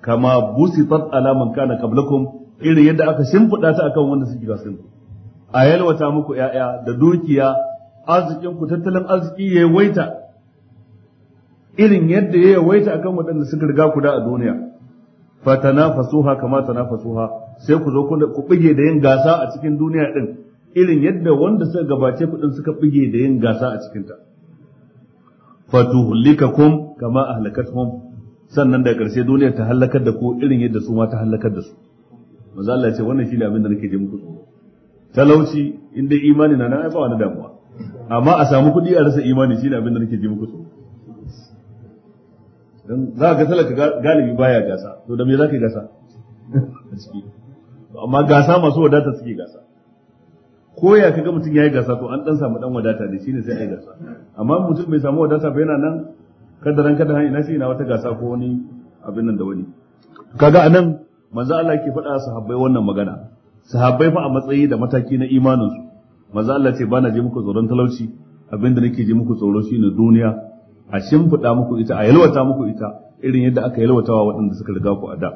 kama busitat ala man kana qablakum irin yadda aka shimfiɗa ta akan wanda suke sun a yalwata muku ƴaƴa da dukiya arzikin ku tattalin arziki ya waita irin yadda ya waita akan waɗanda suka riga ku da a duniya fatanafasuha kama tanafasuha sai ku zo ku bige da yin gasa a cikin duniya din irin yadda wanda suka gabace ku din suka bige da yin gasa a cikin ta fatuhlikakum kama ahlakatuhum sannan daga ƙarshe duniya ta halakar da ku irin yadda su ma ta halakar da su manzo Allah ya ce wannan shine abin da nake ji muku talauci inda imani na na ba wani damuwa amma a samu kudi a rasa imani shine abin da nake ji muku tsoro za ka ga talaka galibi baya gasa to da me za ka gasa amma gasa masu wadata suke gasa ko ya kaga mutum yayi gasa to an dan samu dan wadata ne shine sai ai gasa amma mutum bai samu wadata ba yana nan ran kada ina shi ina wata gasa ko wani abin nan da wani kaga anan manzo Allah yake faɗa sahabbai wannan magana sahabbai fa a matsayi da mataki na imanin su manzo Allah ce bana je muku tsoron talauci abinda nake je muku tsoro shine duniya a shimfiɗa muku ita a yalwata muku ita irin yadda aka yalwata wa waɗanda suka riga ku a da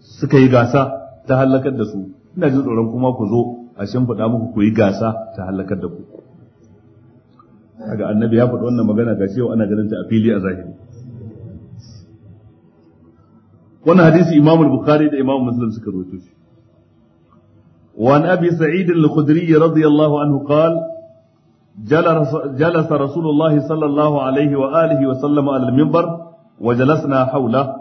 suka yi gasa ta halakar da su ina jin tsoron kuma ku zo a shimfiɗa muku ku yi gasa ta halakar da ku Daga annabi ya faɗi wannan magana ga cewa ana ganin ta a fili a zahiri wannan hadisi imamu bukhari da imamu muslim suka rawaito shi وعن ابي سعيد الخدري رضي الله عنه قال جلس رسول الله صلى الله عليه وآله وسلم على المنبر وجلسنا حوله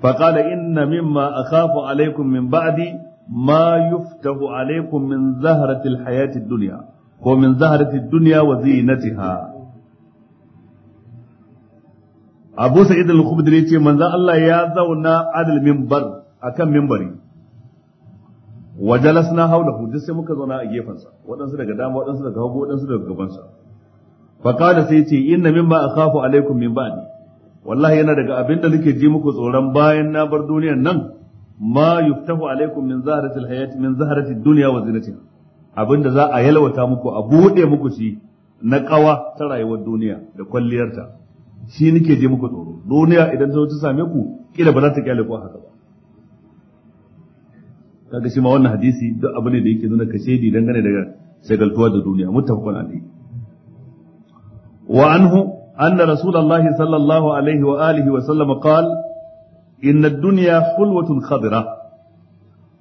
فقال إن مما أخاف عليكم من بعدي ما يفتح عليكم من زهرة الحياة الدنيا ومن زهرة الدنيا وزينتها أبو سعيد الخبدري من ذا الله يا زونا على المنبر أكم منبري wa hau da duk sai muka zauna a gefensa waɗansu daga dama waɗansu daga hagu waɗansu daga gabansa Fakada sai ce inna mimma akhafu alaikum min ba'di wallahi yana daga abin da nake ji muku tsoron bayan na bar duniyar nan ma yuftahu alaikum min zaharati alhayat min zaharati dunya wa zinatiha abinda za a yalwata muku a bude muku shi na kawa ta rayuwar duniya da kwalliyarta shi nake je muku tsoro duniya idan ta zo ta same ku kila ba za ta kyale ku haka ba kaga shi ma wannan hadisi duk abu ne da yake nuna kashedi dangane daga shagaltuwa da duniya muttafaqun alayhi wa anhu anna rasulullahi sallallahu alaihi wa alihi wa sallam qala inna ad-dunya khulwatun khadira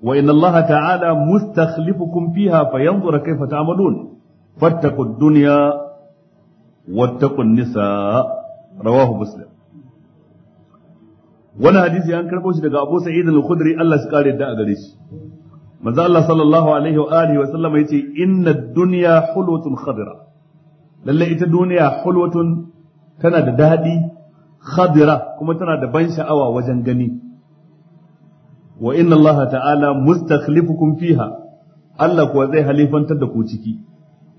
وإن الله تعالى مستخلفكم فيها فينظر كيف تعملون فاتقوا الدنيا واتقوا النساء rawahu muslim. wani hadisi an karbo shi daga Abu Sa'id al-Khudri Allah shi kare da a gare shi manzo Allah sallallahu alaihi wa alihi wa sallama yace inna duniya dunya hulwatun khadira lalle ita duniya hulwatun tana da dadi khadira kuma tana da ban sha'awa wajen gani wa inna Allah ta'ala mustakhlifukum fiha Allah kuwa zai halifantar da ku ciki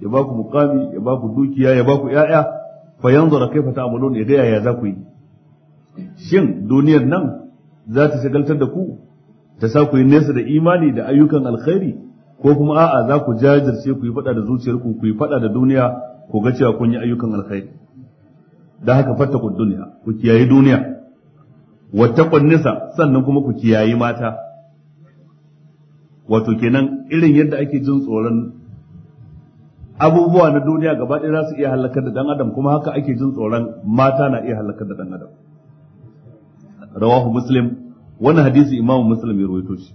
ya ba ku mukami ya ba ku dukiya ya ba ku yaya, fa yanzura kaifa ta'malun ya ga yaya za ku yi shin duniyar nan za ta shagaltar da ku ta sa ku yi nesa da imani da ayyukan alkhairi ko kuma a'a za ku jajirce ku yi fada da zuciyarku ku yi fada da duniya ku ga cewa kun yi ayyukan alkhairi da haka fatta ku duniya ku kiyaye duniya wata nisa sannan kuma ku kiyaye mata wato kenan irin yadda ake jin tsoron abubuwa na duniya gaba ɗaya za su iya halakar da dan adam kuma haka ake jin tsoron mata na iya halakar da dan adam rawahu muslim wannan hadisi imamu muslim ya rawaito shi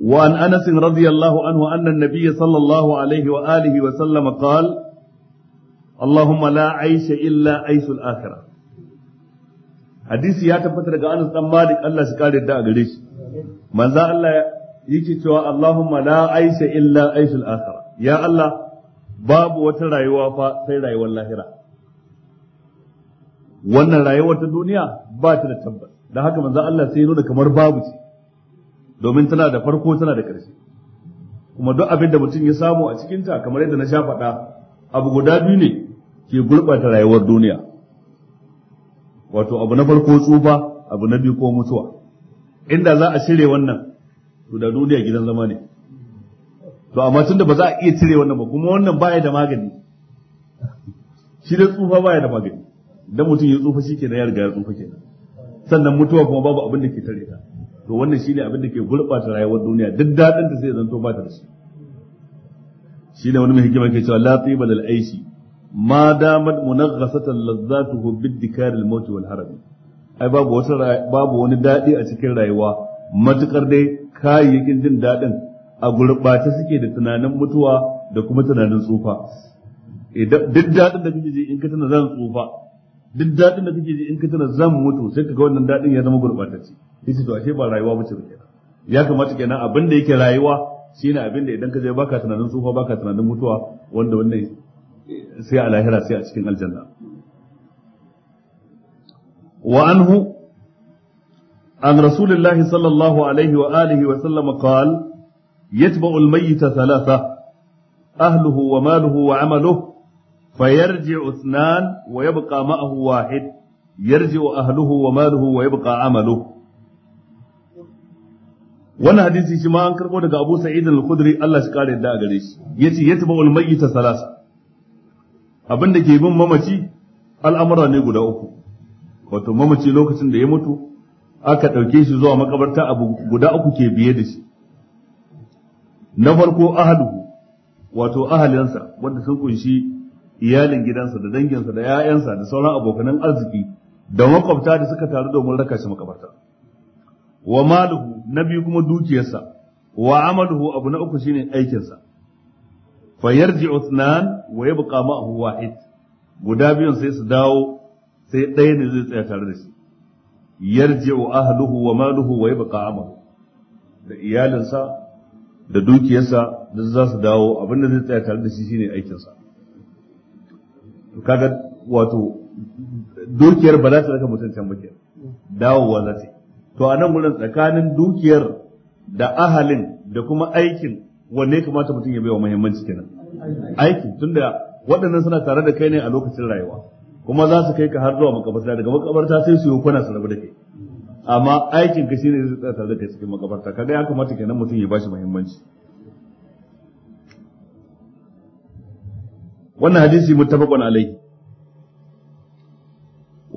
وعن أنس رضي الله عنه أن النبي صلى الله عليه وآله وسلم قال اللهم لا عيش إلا عيش hadisi ya tabbata daga Anas dan Malik Allah shi kare da gare shi manzo Allah yake cewa Allahumma la aisha illa aishul akhirah ya Allah babu wata rayuwa fa sai rayuwar lahira wannan rayuwar ta duniya ba ta da tabbas don haka manzo Allah sai ya nuna kamar babu ce domin tana da farko tana da ƙarshe kuma duk abin da mutum ya samu a cikin ta kamar yadda na sha faɗa abu guda biyu ne ke gurɓata rayuwar duniya wato abu na farko tsufa abu na biyu ko mutuwa inda za a cire wannan to da duniya gidan zama ne to amma tunda ba za a iya cire wannan ba kuma wannan baya da magani shi da tsufa baya da magani dan mutum ya tsufa shi kenan ya riga ya tsufa kenan sannan mutuwa kuma babu abin da ke tare ta to wannan shine abin da ke gurɓata rayuwar duniya duk daɗin ta sai zanto ba ta da shi shine wani mai hikima ke cewa la tiba lil aishi ma damat munaghasatan lazzatuhu bid dikar al maut wal harami ai babu wata babu wani daɗi a cikin rayuwa matukar dai kayayyakin jin daɗin a gurɓace suke da tunanin mutuwa da kuma tunanin tsufa eh, duk daɗin da kake ji in ka tana zan tsufa duk daɗin da kake ji in ka tana za mu mutu sai ka ga wannan daɗin ya zama gurɓatacce yace to ashe ba rayuwa bace ba kenan ya kamata kenan abin da yake rayuwa shine abin da idan ka je baka tunanin sufa baka tunanin mutuwa wanda wannan sai a lahira sai a cikin aljanna wa anhu an rasulillahi sallallahu alaihi wa alihi wa sallam qala yatba'u al-mayyita thalatha ahluhu wa maluhu wa amaluhu فيرجع اثنان ويبقى معه واحد يرجع أهله وماله ويبقى عمله wannan hadisi shi ma an karbo daga Abu Sa'id al-Khudri Allah shi kare yadda a gare shi yace yatba'ul mayyita salasa abin da ke bin mamaci al'amura ne guda uku wato mamaci lokacin da ya mutu aka ɗauke shi zuwa makabarta abu guda uku ke biye da shi na farko ahaluhu wato ahalinsa wanda sun kunshi iyalin gidansa da danginsa da 'ya'yansa da sauran abokanan arziki da makwabta da suka taru domin raka shi makabarta wa maluhu na biyu kuma dukiyarsa wa amaluhu abu na uku shine aikinsa fa yarji uthnan wa yabqa ma'ahu wahid guda biyun sai su dawo sai ɗaya ne zai tsaya tare da shi yarji'u ahluhu wa maluhu wa yabqa amaluhu da iyalinsa da dukiyarsa duk za su dawo abinda zai tsaya tare da shi shine aikinsa kaga wato dukiyar ba za su raka mutum can bakin dawowa za to a nan wurin tsakanin dukiyar da ahalin da kuma aikin wanne ya kamata mutum ya bai wa muhimmanci kenan aikin tunda waɗannan suna tare da kai ne a lokacin rayuwa kuma za su kai ka har zuwa makabarta daga makabarta sai su yi kwana su rabu da kai amma aikin ka shine zai tsaya tare da kai cikin makabarta kaga ya kamata kenan mutum ya bashi muhimmanci wannan hadisi muttafaqun alaihi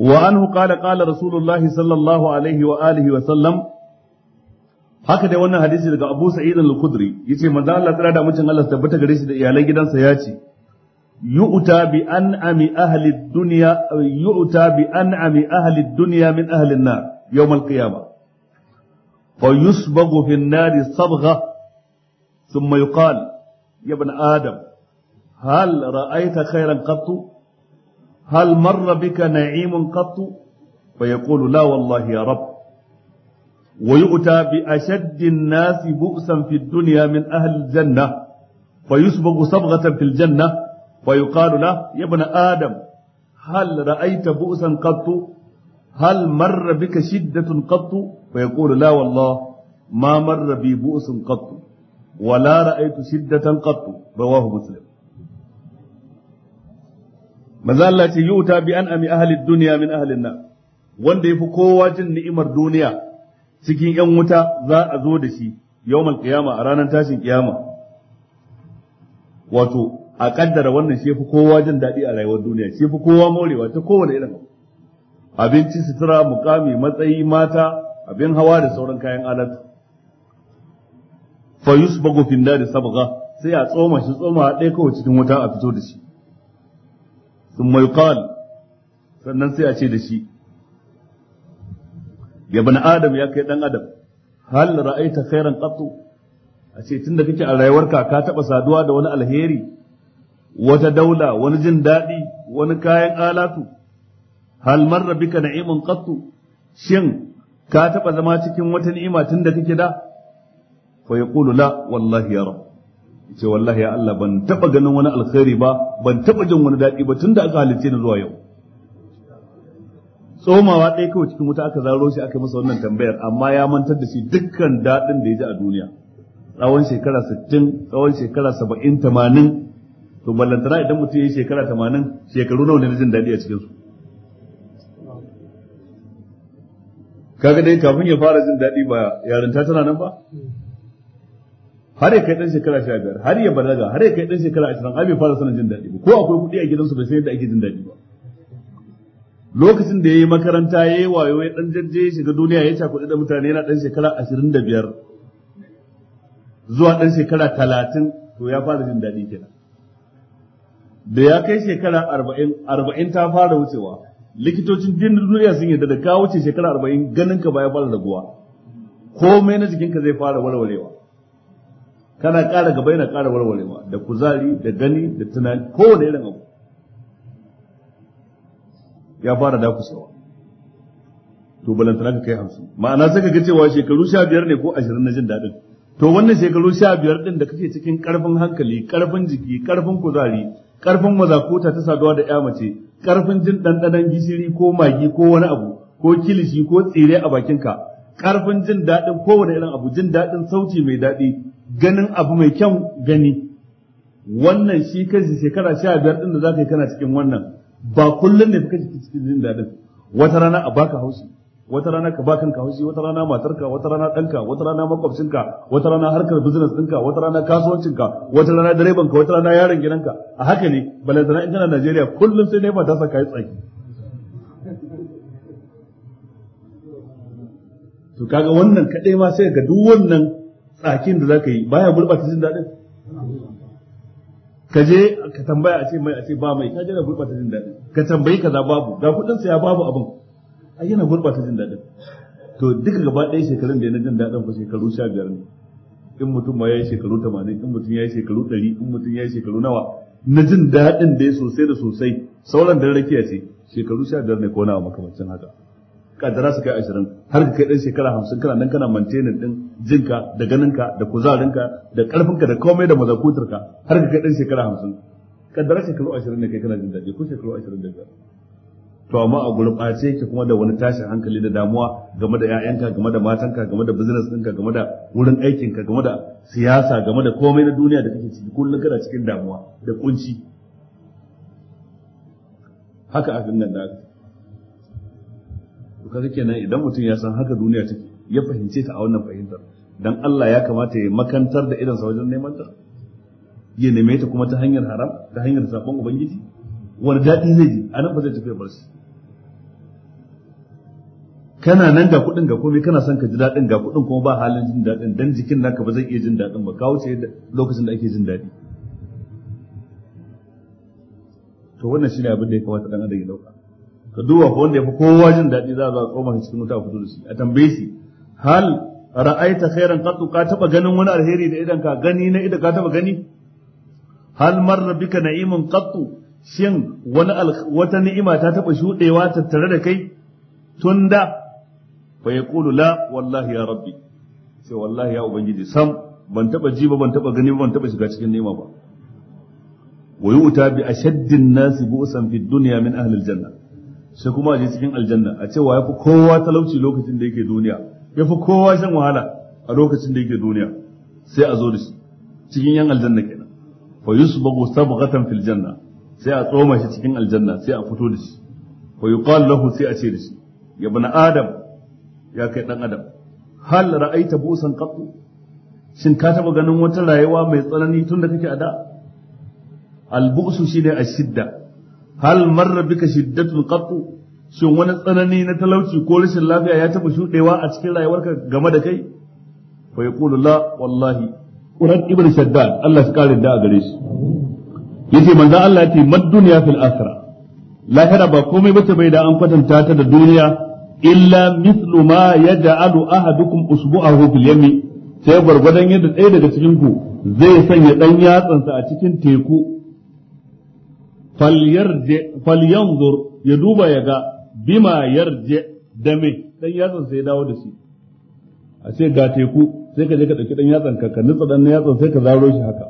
wa anhu qala qala rasulullahi sallallahu alaihi wa alihi wa sallam haka dai wannan hadisi daga Abu Sa'id al-Khudri yace manzo Allah tsira da mucin Allah tabbata gare shi da iyalan gidansa ya ce yu'ta bi an'ami ahli dunya yu'ta bi an'ami ahli dunya min ahli an-nar yawm al-qiyamah fa yusbaghu fi an-nar sabgha thumma yuqal ya adam هل رأيت خيرا قط هل مر بك نعيم قط فيقول لا والله يا رب ويؤتى بأشد الناس بؤسا في الدنيا من أهل الجنة فيسبغ صبغة في الجنة فيقال له يا ابن آدم هل رأيت بؤسا قط هل مر بك شدة قط فيقول لا والله ما مر بي بؤس قط ولا رأيت شدة قط رواه مسلم manzo Allah ce yuta bi an ami ahli dunya min ahli nar wanda yafi kowa jin ni'imar duniya cikin yan wuta za a zo da shi yawmal qiyama a ranar tashin kiyama wato a kaddara wannan shi yafi kowa jin daɗi a rayuwar duniya shi yafi kowa morewa ta kowane irin abinci sutura mukami matsayi mata abin hawa da sauran kayan alat fa yusbagu fi da sabgha sai a tsoma shi tsoma ɗaya kawai cikin wuta a fito da shi ثم يقال sannan sai a ce da shi ya bani adam ya kai dan adam hal ra'aita khairan qattu a ce tunda kake a rayuwarka ka taba saduwa da wani alheri wata daula wani jin daɗi wani kayan alatu hal marra bika na'imun qattu shin ka taba zama cikin wata ni'ima tunda kake da fa yaqulu la wallahi ya rabb ce wallahi ya Allah ban taba ganin wani alkhairi ba ban taba jin wani daɗi ba tunda aka halice ni zuwa yau tsomawa ɗaya kawai cikin wuta aka zaro shi aka masa wannan tambayar amma ya mantar da shi dukkan daɗin da ya ji a duniya tsawon shekara 60 tsawon shekara 70 80 to ballantana idan mutum ya yi shekara 80 shekaru nawa ne na jin daɗi a cikin su kaga dai kafin ya fara jin daɗi ba yarinta tana nan ba har ya kai dan shekara 15 har ya balaga har ya kai dan shekara 20 an bai fara sanin jin daɗi ba ko akwai kuɗi a gidansu bai san yadda ake jin daɗi ba lokacin da yayi makaranta yayi wayo ya dan jajje shiga duniya ya cakuɗi da mutane yana dan shekara 25 zuwa dan shekara 30 to ya fara jin daɗi kenan da ya kai shekara 40 40 ta fara wucewa likitocin din duniya sun yi da ka wuce shekara 40 ganin ka baya fara raguwa komai na jikinka zai fara walwalewa kana ƙara gaba yana ƙara warwarewa da kuzari da gani da tunani kowane irin abu ya fara dakusawa to balantana ka kai hamsin ma'ana sai ga cewa shekaru sha biyar ne ko ashirin na jin daɗin to wannan shekaru sha biyar ɗin da kake cikin ƙarfin hankali ƙarfin jiki ƙarfin kuzari ƙarfin mazakuta ta saduwa da ya mace ƙarfin jin ɗanɗanon gishiri ko magi ko wani abu ko kilishi ko tsire a bakinka ƙarfin jin daɗin kowane irin abu jin daɗin sauti mai daɗi ganin abu mai kyan gani wannan shi kanshi shekara sha biyar din da za ka yi kana cikin wannan ba kullum ne kake cikin jin daɗin wata rana a baka haushi wata rana ka ba kanka haushi wata rana matarka wata rana ɗanka wata rana makwabcinka wata rana harkar business ɗinka wata rana kasuwancinka wata rana direbanka wata rana yaron gidanka a haka ne balantana in kana Najeriya kullum sai nefa ta saka yi tsaki to kaga wannan kaɗai ma sai ga duk wannan ɗakin da zaka yi baya gurɓata jin daɗin? ka je ka tambaya a ce mai a ce ba mai ka je na gurɓata jin daɗin. ka tambayi kaza babu ga kudin ya babu abin A yana gurɓata jin daɗin. to duka gaba ɗaya shekarun da ya na jin daɗin fa shekaru sha biyar ne in mutum ma yi shekaru tamanin, in mutum ya yi shekaru ɗari in mutum ya yi shekaru nawa na jin daɗin da ya sosai da sosai sauran da rakiya ce shekaru sha biyar ne ko na makamancin haka kaddara su kai ashirin har ka kai ɗan shekara hamsin kana nan kana maintenance ɗin jinka da ganinka da kuzarinka da ƙarfinka da komai da mazakutarka har ka kai ɗan shekara hamsin kaddara shekaru ashirin ne kai kana jin daɗi ko shekaru ashirin da biyar to amma a gurɓace ki kuma da wani tashin hankali da damuwa game da 'ya'yanka game da matanka game da business ɗinka game da wurin aikinka game da siyasa game da komai na duniya da kake ciki kullum kana cikin damuwa da kunci haka abin nan da aka to kaga kenan idan mutum ya san haka duniya take ya fahimce ta a wannan fahimtar dan Allah ya kamata ya makantar da idansa wajen neman ta ya neme ta kuma ta hanyar haram ta hanyar sabon ubangiji wani daɗi zai ji a nan ba zai tafi bar shi kana nan ga kuɗin ga komai kana son ka ji daɗin ga kuɗin kuma ba halin jin daɗin dan jikin naka ba zai iya jin daɗin ba ka wuce lokacin da ake jin daɗi to wannan shine abin da ya kamata dan adam ya dauka ka duba ko wanda ya fi kowa jin daɗi za a zo a tsoma shi cikin wuta a fito da shi a tambaye shi hal ra'aita khairan qattu ka taba ganin wani alheri da idan ka gani na idan ka taba gani hal marra bika na'imun qattu shin wani wata ni'ima ta taba shudewa tattare da kai tunda fa yaqulu la wallahi ya rabbi sai wallahi ya ubangiji sam ban taba ji ba ban taba gani ba ban taba shiga cikin ni'ima ba wa yu'ta bi ashaddin nasi bu'san fid dunya min ahli aljanna sai kuma a je cikin aljanna a ce wa yafi kowa talauci lokacin da yake duniya yafi kowa shan wahala a lokacin da yake duniya sai a zo da shi cikin yan aljanna kenan fa yusbagu sabghatan fil janna sai a tsoma shi cikin aljanna sai a fito da shi fa yuqal lahu sai a ce da shi ya bana adam ya kai dan adam hal ra'aita busan qattu shin ka taba ganin wata rayuwa mai tsanani tun da kake a da al-bu'su shine ashidda hal marra bika shiddatun qattu shin wani tsanani na talauci ko rashin lafiya ya taba shudewa a cikin rayuwarka game da kai fa yaqulu la wallahi quran ibn shaddad Allah ya kare da a gare shi yace manzo Allah ce mad dunya fil akhirah lahira ba komai bace bai da an kwatanta ta da duniya illa mithlu ma yaj'alu ahadukum usbu'ahu fil yami sai gwargwadon yadda ɗaya daga cikin ku zai sanya dan yatsansa a cikin teku falyanzur ya duba ya ga bima yarje da me dan yatsan sai ya dawo da shi a ce ga teku sai ka je ka dauki dan yatsan ka ka nutsa dan yatsan sai ka zaro shi haka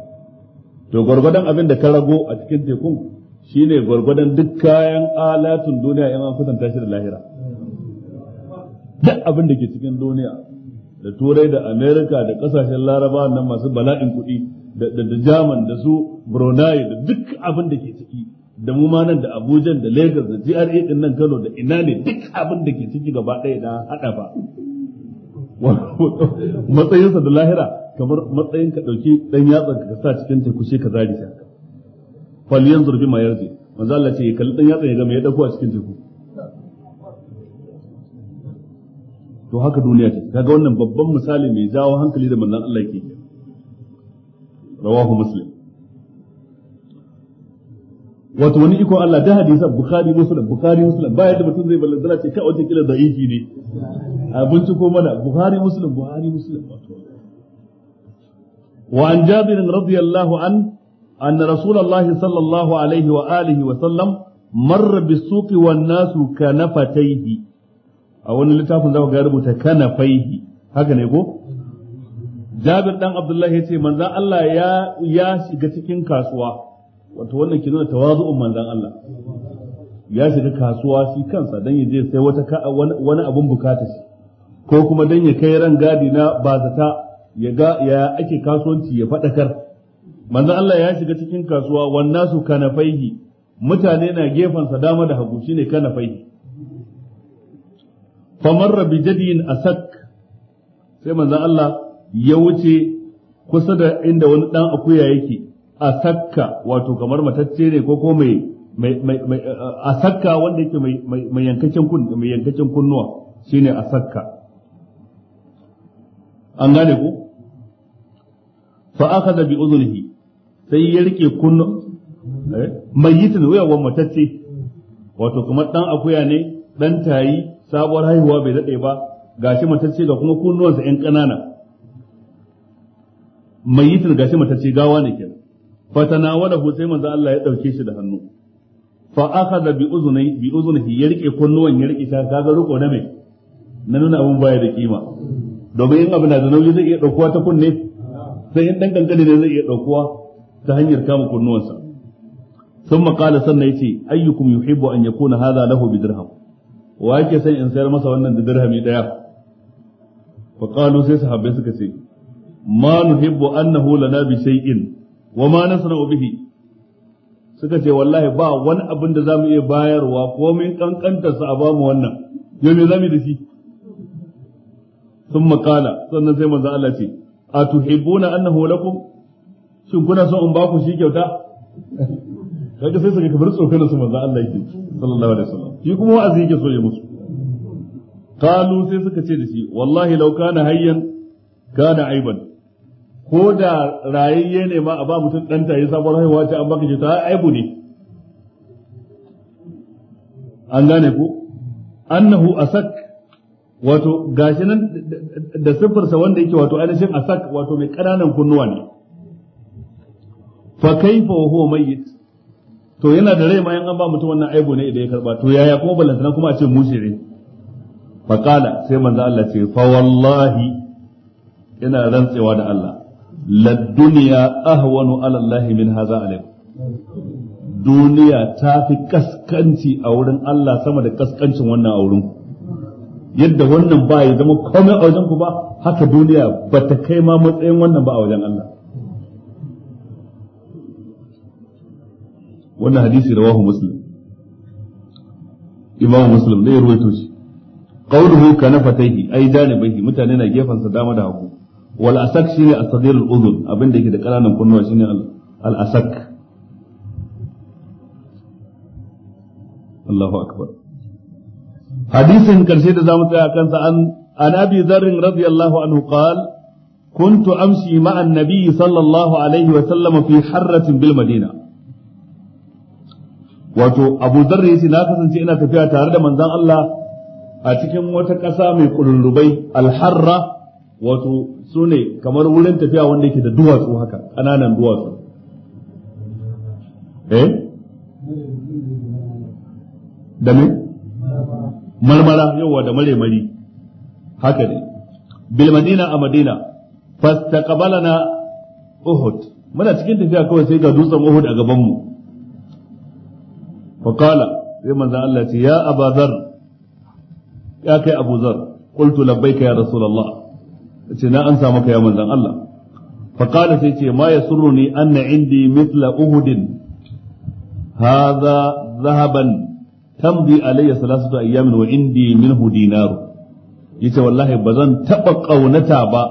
to gwargwadon abin da ka rago a cikin tekun shine gwargwadon duk kayan alatun duniya in an kusanta shi da lahira duk abin da ke cikin duniya da turai da amerika da kasashen laraba nan masu bala'in kuɗi da jaman da su brunei da duk abin da ke ciki da mu nan da abuja da lagos da gra din nan kano da ina ne duk abin da ke ciki gaba ɗaya na haɗa ba matsayinsa da lahira kamar matsayin ka ɗauki ɗan yatsan ka sa cikin teku sai ka zari shi haka faliyan zurbi ma yarje manzo Allah ce kalli ɗan yatsan ya ga me ya dauko a cikin teku to haka duniya ce kaga wannan babban misali mai jawo hankali da manzon Allah ke rawahu muslim wato wani iko Allah da hadisa bukhari muslim bukhari muslim ba yadda mutum zai ballantana ce kai wajen kila da'ifi ne abinci ko mana bukhari muslim bukhari muslim wa an jabir radiyallahu an أن رسول الله صلى الله عليه وآله وسلم مر بالسوق والناس كنفتيه أو أن لتعرف ذلك غير كنفيه ne ko. Jabir dan Abdullahi yace manzan Allah ya ya shiga cikin kasuwa wato wannan ke nuna tawazu'un manzan Allah ya shiga kasuwa shi kansa dan ya je sai wata wani abun bukata shi ko kuma dan ya kai ran gadi na bazata ya ga ya ake kasuwanci ya fadakar manzan Allah ya shiga cikin kasuwa 'Wannasu nasu kanafaihi mutane na sa dama da hagu shine kanafaihi famarra bi a asak sai manzan Allah ya wuce kusa da inda wani dan akuya yake a sakka wato kamar matacce ne ko ko mai a sakka wanda yake mai yankacin kun mai yankacin kunnuwa shine a sakka an gane ku? fa akhadha bi udhunihi sai ya rike kunnu mai eh, mayyitin wayawan matacce wato kamar dan akuya ne dan tayi sabuwar haihuwa bai dade ba gashi matacce ga kuma kunnuwansa yan ƙanana Mai yi mayyitin gashi matacce gawa ne kenan fatanawalahu sai manzo Allah ya dauke shi da hannu fa akhadha bi uzni bi uznihi ya rike kunnuwan ya rike ta kaga ruko na me na nuna abun baya da kima domin in abu na da nauyi zai iya daukuwa ta kunne sai in dan kankane ne zai iya daukuwa ta hanyar kama kunnuwansa ثم قال سنة يتي أيكم يحب أن يكون هذا له بدرهم وأيك سيء إن سير مسا ونن درهم يدعى فقالوا سيسحب بيسك ce. ma nuhibbu annahu lana bi shay'in wa ma bihi suka ce wallahi ba wani abin da zamu iya bayarwa komai kankanta su a bamu wannan yau me za zamu da shi sun makala sannan sai manzo Allah ce a tuhibbuna annahu lakum shin kuna son in ba ku shi kyauta kaga sai suka kafir tsokanar su manzo Allah yake sallallahu alaihi wasallam shi kuma wa'azi yake so ya musu qalu sai suka ce da shi wallahi law kana hayyan kana aiban ko da rayayye ne ma a ba mutum ɗanta ya sabon haihuwa ce an baka cuta aibu ne an gane ku annahu asak wato gashi nan da sifirsa wanda yake wato ainihin asak wato mai ƙananan kunnuwa ne fa kaifa wa huwa mayyit to yana da rai ma in an ba mutum wannan aibu ne idan ya karba to yaya kuma balantana kuma a ce mushiri fa kala sai manzo Allah ce fa wallahi yana rantsewa da Allah ladduniya ahwanu ala Allah min haza alaikum duniya ta fi kaskanci a wurin Allah sama da kaskancin wannan a wurin yadda wannan ba ya zama komai a wajen ku ba haka duniya ba ta kai ma matsayin wannan ba a wajen Allah wannan hadisi rawahu muslim imamu muslim ne ya ruwaito shi qawluhu kana fataihi ai janibaihi mutane na gefansa dama da hagu wal asak shine as-sadir al abin da yake da ƙananan kunnuwa shine al asak Allahu hadisin karshe da zamu tsaya kansa an an abi dharr radiyallahu anhu كنت أمشي مع النبي صلى الله عليه وسلم في حرة بالمدينة wato Abu Dharr yace na kasance ina tafiya tare da manzon Allah a cikin wata ƙasa mai kululubai al-harra wato su ne kamar wurin tafiya wanda yake da duwatsu haka ƙananan duwatsu eh da me marmara yawa da maremari haka ne bil madina a madina na uhud muna cikin tafiya kawai sai ga dutsen uhud a gabanmu. mu fa qala sai manzon Allah ce ya abazar ya kai abuzar qultu labbaika ya rasulullah ce na an samu kaya ya manzon Allah fa qala sai ce ma ni anna indi mithla uhudin Haza, zahaban tamdi alayya salasatu ayyamin wa indi min dinar yace wallahi bazan taɓa ƙaunata ba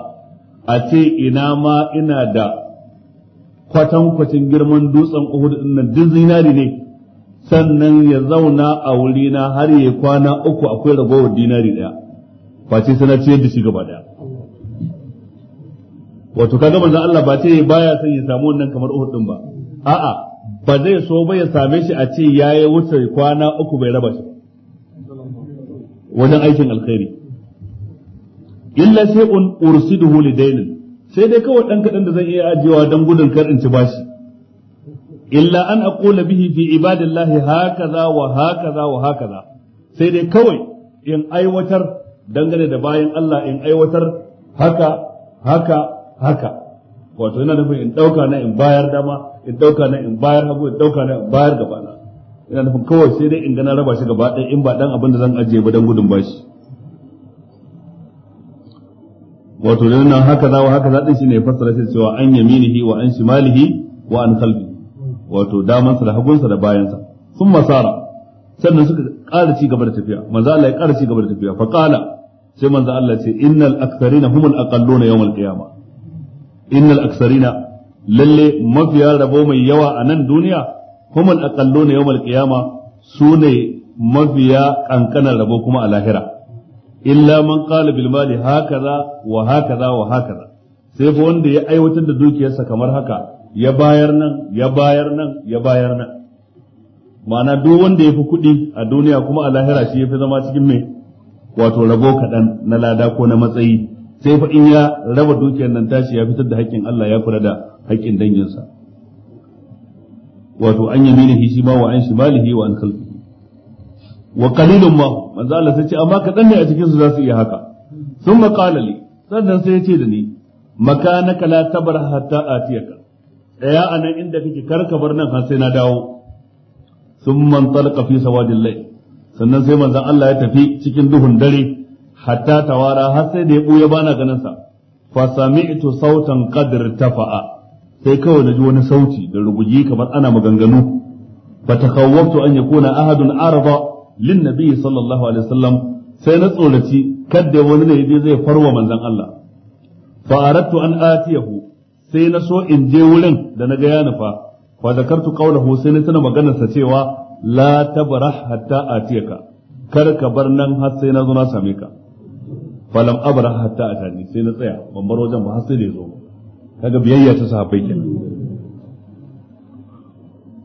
a ce ina ma ina da kwatan kwatin girman dutsen Uhud din nan duk zinari ne sannan ya zauna a wurina har ya kwana uku akwai ragowar dinari daya face sana ciyar da shi gaba daya wato kaga manzo Allah ba ce baya son ya samu wannan kamar Uhud din ba a'a ba zai so ba ya same shi a ce yayi wuce kwana uku bai raba shi wajen aikin alkhairi illa shay'un ursiduhu lidainin sai dai kawai dan kadan da zan iya ajiyewa dan gudun kar in ci bashi illa an aqula bihi fi ibadillahi hakaza wa hakaza wa hakaza sai dai kawai in aiwatar dangane da bayan Allah in aiwatar haka haka haka wato yana nufin in dauka na in bayar dama in dauka na in bayar hagu in dauka na in bayar gaba na yana nufin kawai sai dai in gana raba shi gaba ɗaya in ba dan abin da zan ajiye ba dan gudun bashi wato da nan haka za wa haka za din ne fassara shi cewa an yaminihi wa an shimalihi wa an qalbi wato daman sa da sa da bayansa sun masara sannan suka ƙara ci gaba da tafiya manzo Allah ya ƙara ci gaba da tafiya fa qala sai manzo Allah ce innal aktharina humul aqalluna yawmal qiyamah innal aksarina lalle mafiya rabo mai yawa a nan duniya humul aqalluna yawmal su sune mafiya ƙanƙanar rabo kuma a lahira illa man qala bil mali hakaza wa hakaza wa hakaza sai fa wanda ya aiwatar da dukiyarsa kamar haka ya bayar nan ya bayar nan ya bayar nan ma'ana duk wanda ya fi kuɗi a duniya kuma a lahira shi ya fi zama cikin mai wato rabo kaɗan na lada ko na matsayi sai fa in ya raba dukiyar nan tashi ya fitar da haƙƙin Allah ya kula da haƙƙin danginsa wato an yaminihi shi ma wa an shimalihi wa an khalfihi wa qalilun ma manzo Allah sai ce amma kadan ne a cikin su za su iya haka Sun qala li sannan sai ya ce da ni makanaka la tabar hatta atiyaka tsaya a nan inda kake karka bar nan har sai na dawo man talqa fi sawadil layl sannan sai manzo Allah ya tafi cikin duhun dare hatta tawara har sai da ya buya bana ganin sa fa sami'tu sautan qadr tafa'a sai kawai ji wani sauti da rugugi kamar ana maganganu fa takhawwaftu an yakuna ahadun arda lin nabi sallallahu alaihi wasallam sai na tsoraci kadda wani ne yaje zai farwa manzon Allah fa aradtu an atiyahu sai na so in je wurin da na ya nufa fa zakartu qawluhu sai na tana maganar sa cewa la tabrah hatta atiyaka kar ka bar nan har sai na zo na same ka falam abara hatta atani sai na tsaya ban bar wajen ba har sai da yazo kaga biyayya ta sahabbai kenan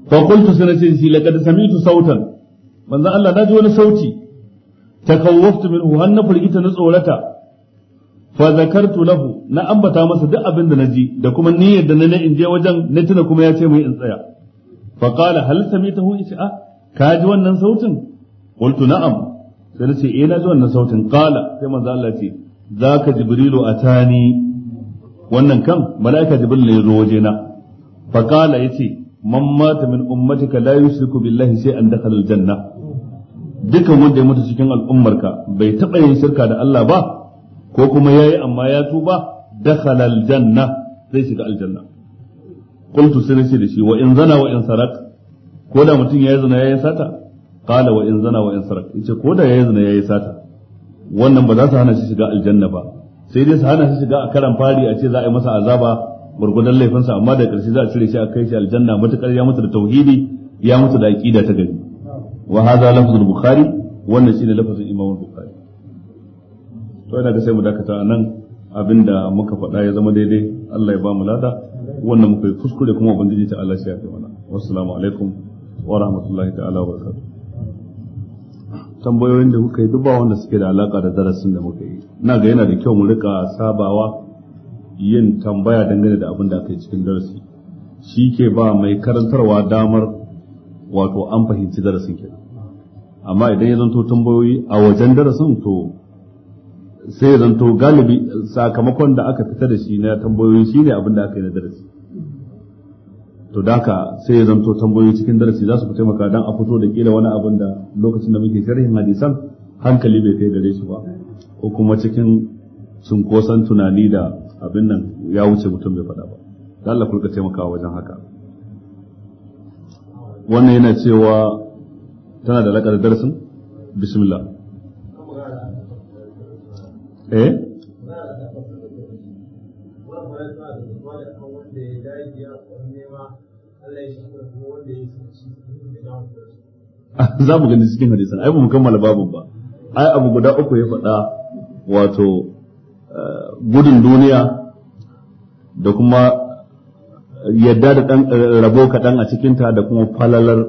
fa qultu sai nace shi laqad sami'tu sautan manzo Allah ji wani sauti takawwaftu minhu har na firgita na tsorata fa zakartu lahu na ambata masa duk abin da naji da kuma niyyar da na in je wajen na tuna kuma ya ce mai in tsaya fa qala hal sami'tahu isha ah, ka ji wannan sautin qultu na'am sai nace eh na ji wannan sautin qala sai manzo Allah ce zaka jibrilu atani wannan kan malaika jibril ne zo waje na fa qala yace man mata min ummatika la yushriku billahi shay'an dakhala aljanna dukan wanda ya mutu cikin al'ummarka bai taba yin shirka da Allah ba ko kuma yayi amma ya tuba dakhala aljanna zai shiga aljanna qultu sai nace da shi wa in zana wa in sarak ko da mutum yayi zina yayi sata qala wa in zana wa in sarak yace ko da yayi zina yayi sata wannan ba za su hana shi shiga aljanna ba sai dai su hana shi shiga a karan fari a ce za a yi masa azaba gurgudan laifinsa amma da ƙarshe za a cire shi a kai shi aljanna matuƙar ya mutu da tauhidi ya mutu da aqida ta gari wa hadha lafzul bukhari wannan shine lafzul imam bukhari to ina ga sai mu dakata nan abinda muka faɗa ya zama daidai Allah ya ba mu lada wannan muka yi kuskure kuma ubangiji ta Allah shi ya kai mana wassalamu alaikum wa rahmatullahi ta'ala wa barakatuh tambayoyin da muka yi duk ba wanda suke da alaka da darasin da muka yi na ga yana da kyau mu rika sabawa yin tambaya dangane da abin da aka yi cikin darasi shi ke ba mai karantarwa damar wato an fahimci darasin kenan amma idan ya zanto tambayoyi a wajen darasin to sai ya zanto galibi sakamakon da aka fita da shi na tambayoyi shine abin da aka yi na darasi to daka sai ya zanto tambayoyi cikin darasi za su fi taimaka dan a fito da kila wani abin da lokacin da muke sharhin hadisan hankali bai kai gare shi ba ko kuma cikin cunkoson tunani da abin nan ya wuce mutum bai faɗa ba da Allah kulka taimakawa wajen haka wannan yana cewa tana da lakar darasin bismillah eh Ah, za mu gani cikin hadisan ai ba mu kammala babun ba ai abu guda uku ya faɗa wato eh, gudun duniya da kuma yadda da ɗan eh, rabo kaɗan a cikinta da kuma falalar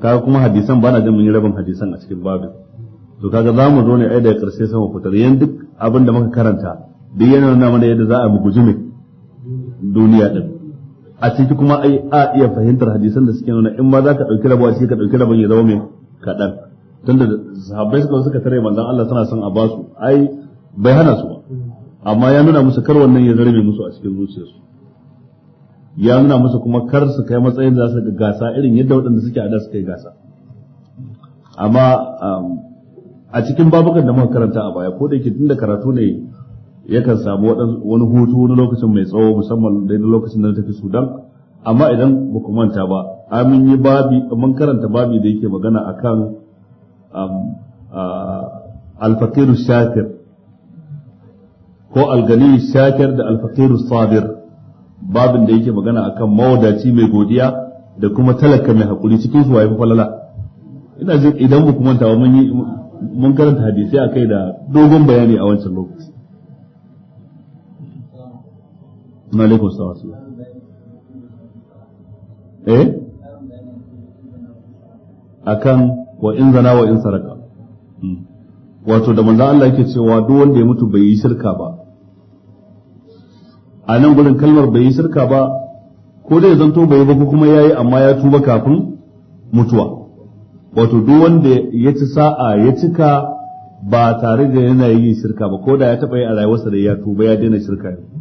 kaga kuma hadisan ba na jin mun yi rabin hadisan a cikin babin to kaga za mu zo ne ai daga ƙarshe sama fitar yan duk abin da muka karanta duk yana nuna mana yadda za a mu guji duniya din a ciki kuma ai a iya fahimtar hadisan da suke nuna in ma zaka dauki rabo a ciki ka dauki rabon ya zama mai kadan tunda sahabbai suka suka tare manzon Allah suna son a ba su ai bai hana su ba amma ya nuna musu kar wannan ya zarbe musu a cikin zuciyarsu ya nuna musu kuma kar su kai matsayin za su ga gasa irin yadda waɗanda suke a da su kai gasa amma um, a cikin babukan da muka karanta a baya ko da yake tunda karatu ne yakan samu wani hutu wani lokacin mai tsawo musamman da lokacin da na tafi Sudan amma idan ba ku manta ba amin yi babi mun karanta babi da yake magana akan um, alfakiru shakir ko algani shakir da alfakiru sabir babin da yake magana akan mawadaci mai godiya da kuma talaka mai hakuri cikin su waye falala ina jin idan ba ku manta ba mun yi mun karanta hadisi akai da dogon bayani a wancan lokaci na alaikum eh akan wa in zana wa in saraka hmm. wato da manzon Allah yake cewa duk wanda ya mutu bai yi shirka ba a nan gurin kalmar bai yi shirka ba ko dai zanto bai ba ko kuma yayi amma ya tuba kafin mutuwa wato duk wanda ya ci sa'a ya cika ba tare da yana yi shirka ba ko da ya taba yi a rayuwarsa da ya tuba ya daina shirka ne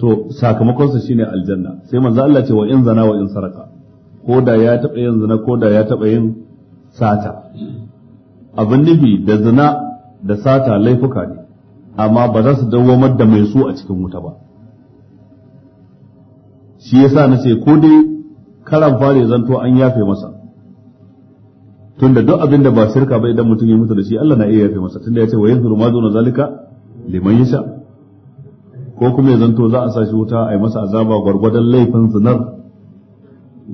to sakamakonsa shine aljanna sai manzo Allah ce wa in zana wa in saraka ko da ya taba yin zina ko da ya taba yin sata abin nufi da zina da sata laifuka ne amma ba za su dawwamar da mai su a cikin wuta ba shi yasa na ce ko dai karan fare zanto an yafe masa tunda duk abin da ba shirka ba idan mutum ya mutu da shi Allah na iya yafe masa tunda ya ce wa yanzu ma duna zalika liman yasha ko kuma ya zanto za a sa shi wuta a yi masa azaba gwargwadon laifin zinar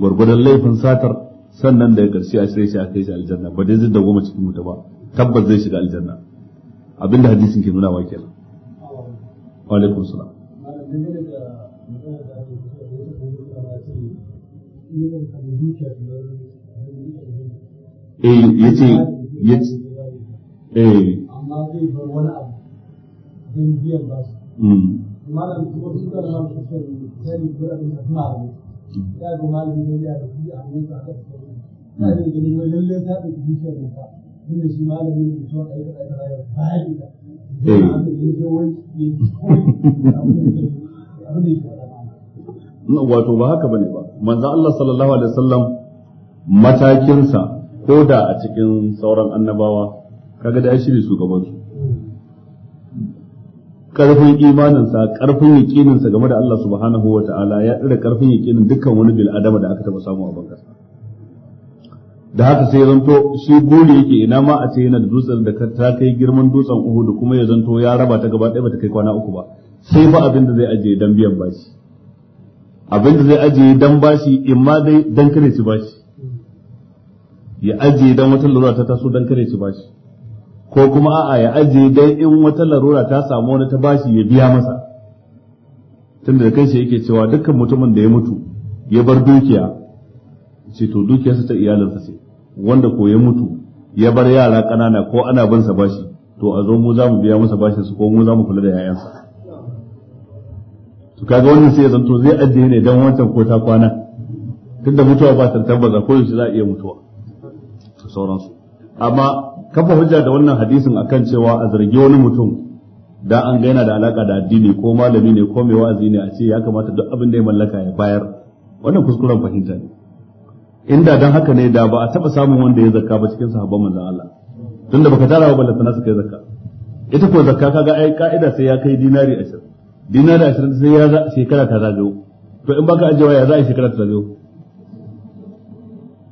gwargwadon laifin satar sannan ya ƙarshe a shirye shi a kai shi aljanna ba dai zai dawoma cikin wuta ba tabbas zai shiga aljanna abinda hadisin ke nuna wa kenan wa alaikum salam eh yace yace eh amma zai bar wani abu biyan malam duk da na da kuma malam malam ne ya da a da lalle ta da shi ne ne ne wato ba haka bane ba manzo Allah sallallahu alaihi wasallam matakinsa ko da a cikin sauran annabawa kaga da shi ne shugabansu karfin imaninsa karfin yakininsa game da Allah subhanahu wa ta'ala ya tsira karfin yakinin dukkan wani bil adama da aka taba samu a banka da haka sai zanto shi gori yake ina ma a ce yana da dutsen da ta kai girman dutsen uhu da kuma ya zanto ya raba ta gaba ɗaya bata kai kwana uku ba sai ba abin da zai ajiye dan biyan bashi abin da zai ajiye dan bashi in ma dai dan kare shi bashi ya ajiye dan wata lura ta taso dan kare shi bashi ko kuma a'a ya ajiye dai in wata larura ta samu wani ta bashi ya biya masa tunda da kai shi yake cewa dukkan mutumin da ya mutu ya bar dukiya ce to dukiyarsa ta iyalinsa ce wanda ko ya mutu ya bar yara ƙanana ko ana bin sa bashi to a zo mu za mu biya masa bashin su ko mu za mu kula da yayansa to kaga wannan sai ya zanto zai ajiye ne dan wancan ko ta kwana tunda mutuwa ba ta tabbata ko yaushe za a iya mutuwa sauransu amma kafa hujja da wannan hadisin akan cewa a zargi wani mutum da an ga yana da alaka da addini ko malami ne ko mai wa'azi ne a ce ya kamata duk abin da ya mallaka ya bayar wannan kuskuren fahimta ne inda dan haka ne da ba a taba samun wanda ya zakka ba cikin sahabban manzon Allah tunda baka tara ba lantana suka yi zakka ita ko zakka kaga ai ka'ida sai ya kai dinari 20 dinari 20 sai ya za shekara ta zagayo to in baka ajewa ya za a shekara ta zagayo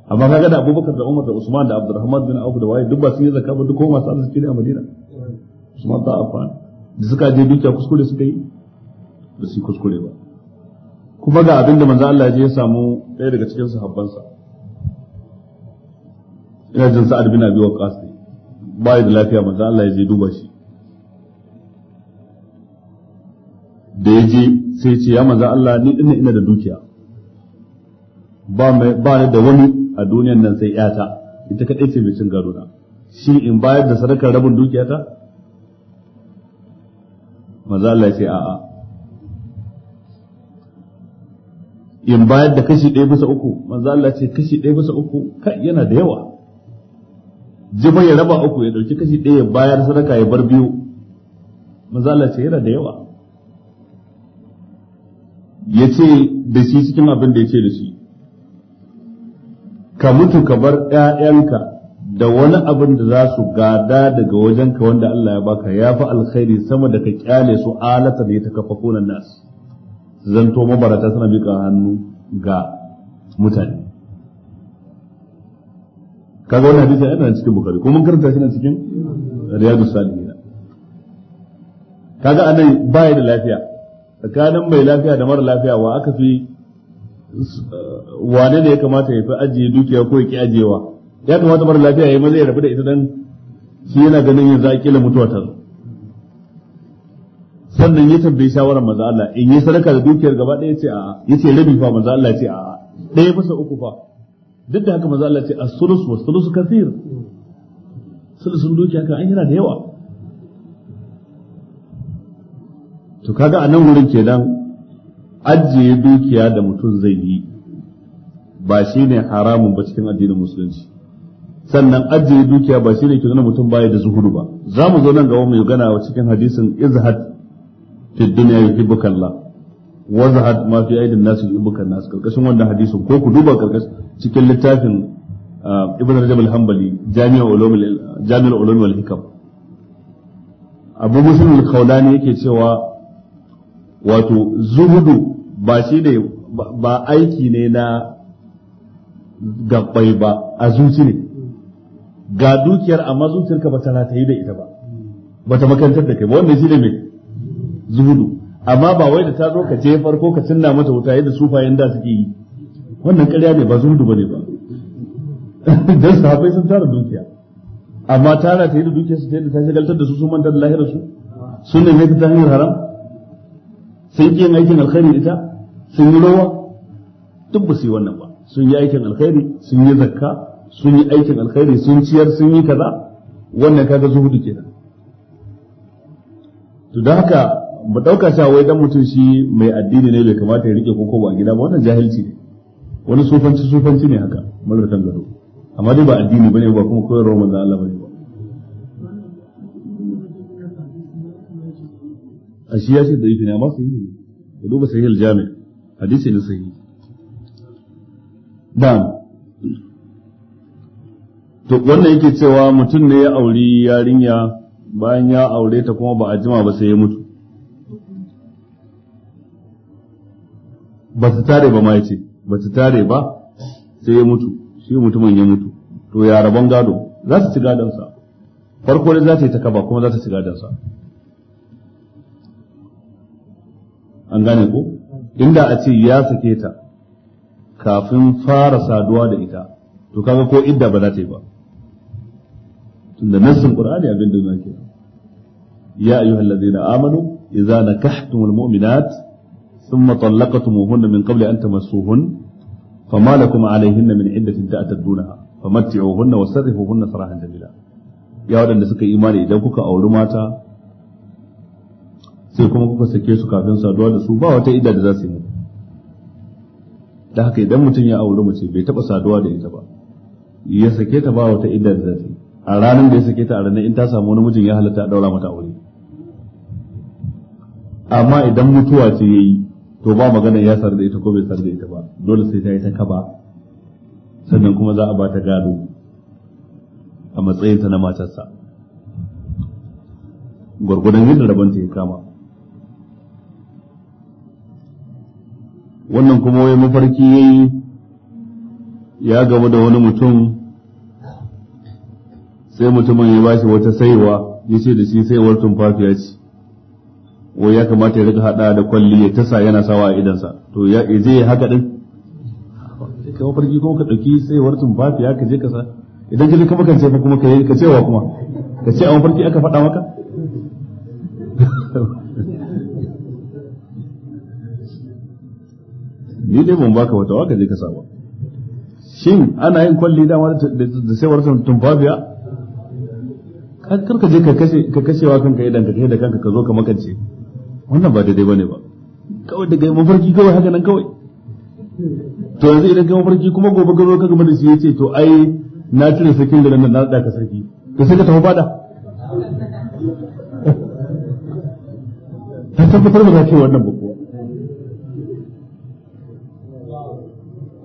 amma kaga da Abubakar da Umar da Usman da Abdurrahman bin Auf da waye duk ba su yi zakka ba duk kuma masu arziki ne a Madina Usman ta Affan da suka je dukiya kuskure suka yi ba su kuskure ba kuma ga abinda manzo Allah ya je ya samu ɗaya daga cikin sahabbansa ina jin Sa'ad bin Abi Waqqas bai da lafiya manzo Allah ya je duba shi da ya je sai ce ya manzo Allah ni ina da dukiya ba mai ni da wani a duniyan nan sai yata ita kadai ce mai cin gado na shi in bayar da sadakar rabin dukiyata maza Allah ce a'a in bayar da kashi ɗaya bisa uku maza Allah ce kashi ɗaya bisa uku kai yana da yawa jiba ya raba uku ya dauki kashi ɗaya ya bayar sadaka ya bar biyu maza Allah ce yana da yawa yace da shi cikin abin da ce da shi ka mutu ka bar ƴaƴanka da wani abin da za su gada daga wajenka wanda Allah ya baka ya fi alkhairi sama da ka kyale su alata da ya ta kafa kunan nas zanto mabarata suna miƙa hannu ga mutane kaga wannan hadisi yana cikin bukari kuma mun karanta shi na cikin riyadu salihin kaga anan baya da lafiya tsakanin mai lafiya da mara lafiya wa aka fi wane ne ya kamata ya fi ajiye dukiya ko ya ki ajiyewa ya kamata mara lafiya ya yi maza ya rabu da ita dan shi yana ganin yanzu a kila mutuwa ta sannan ya tambayi shawarar maza Allah in yi sadaka da dukiyar gaba ɗaya ce a'a yace rabi fa maza Allah ce a'a ɗaya bisa uku fa duk da haka maza Allah ce as-sulus wa sulus kathir sulusun dukiya kan an yana da yawa to kaga a nan wurin ke kenan ajiye dukiya da mutum zai yi ba shi ne haramun ba cikin addinin musulunci sannan ajiye dukiya ba shi ne ke nuna mutum baya da zuhudu ba za mu zo nan gaba mu gana a cikin hadisin izhad fi dunya yuhibbuka Allah wa zahad ma fi aidin nasu yuhibbuka nas karkashin wannan hadisin ko ku duba karkashin cikin littafin ah, Ibn Rajab al-Hanbali Jami'ul Ulum al Ulum wal Hikam Abu Muslim al-Khawlani yake cewa wato zuhudu ba shi ne ba aiki ne na gabbai ba a zuci ne ga dukiyar amma zuciyarka ba ta ratayi da ita ba ba ta makantar da kai ba wannan shine mai zuhudu amma ba wai da ta zo ka je farko ka cinna mata wuta yadda sufayen da suke yi wannan ƙarya ne ba zuhudu bane ba dan sahabbai sun tara dukiya amma ta yi da dukiyar su ta yadda ta shagaltar da su sun manta da lahirar su sun ne ta hanyar haram sun yi aikin alkhairi ita sun yi rawa duk ba su yi wannan ba sun yi aikin alkhairi sun yi zakka sun yi aikin alkhairi sun ciyar sun yi kaza wannan kaga zuhudu kenan to da haka ba dauka cewa wai dan mutum shi mai addini ne bai kamata ya rike koko ba gida ba wannan jahilci ne wani sufanci sufanci ne haka marar kan gado amma dai ba addini bane ba kuma koyarwar manzo Allah bane ba a shi ya ce da yake ne amma yi ne duba sahih al-jami hadisi ne sahihi dam to wannan yake cewa mutum ne ya auri yarinya bayan ya aure ta kuma ba a jima ba sai ya mutu ba su tare ba ma ya ce ba su tare ba sai ya mutu shi mutumin ya mutu to ya rabon gado za su ci gadonsa farko da za ta yi ta kaba kuma za ta ci gadonsa an gane ko inda a ce ya sake ta kafin fara saduwa da ita to kaga ko idda ba za ta yi ba Tun tunda nassin qur'ani abin da yake ya ayyuhal ladzina amanu idza nakahtumul mu'minat thumma talaqtumuhunna min qabli an tamassuhun fama lakum alayhinna min iddatin ta'tadunaha famatti'uhunna wasarrihuhunna sarahan jamila ya wadanda suka yi imani idan kuka auri mata sai kuma kuka sake su kafin saduwa da su ba wata idda da za su yi da haka idan mutum ya auri mace bai taba saduwa da ita ba ya sake ta ba wata idda da zai a ranar da ya sake ta a ranar in ta samu wani mijin ya halatta a daura mata aure amma idan mutuwa ce yayi to ba magana ya sar da ita ko bai sar da ita ba dole sai ta yi ta kaba sannan kuma za a ba ta gado a matsayinta na matarsa gwargwadon yin rabanta ya kama wannan kuma wai mafarki ya yi ya gamu da wani mutum sai mutumin ya bashi wata saiwa ya ce da shi saiwar tumfafiya ce wai ya kamata ya rika hada da kwalli ya tasa yana sawa a idansa to ya je ya haka din ka mafarki kuma ka ɗauki saiwar tumfafiya ka je ka sa idan ka je kuma kan ce kuma ka yi ka kuma ka ce a mafarki aka faɗa maka ni dai ban baka wata waka je ka samu shin ana yin kwalli dama da saiwar tumfafiya kar ka je ka kashewa kanka idan ka da kanka ka zo ka makance wannan ba daidai bane ba kawai daga mafarki kawai haka nan kawai to yanzu idan ka mafarki kuma gobe zo ka gama da shi yace to ai na cire sakin da nan na da ka sarki to sai ka tafi fada ta tabbatar ba za ka yi wannan ba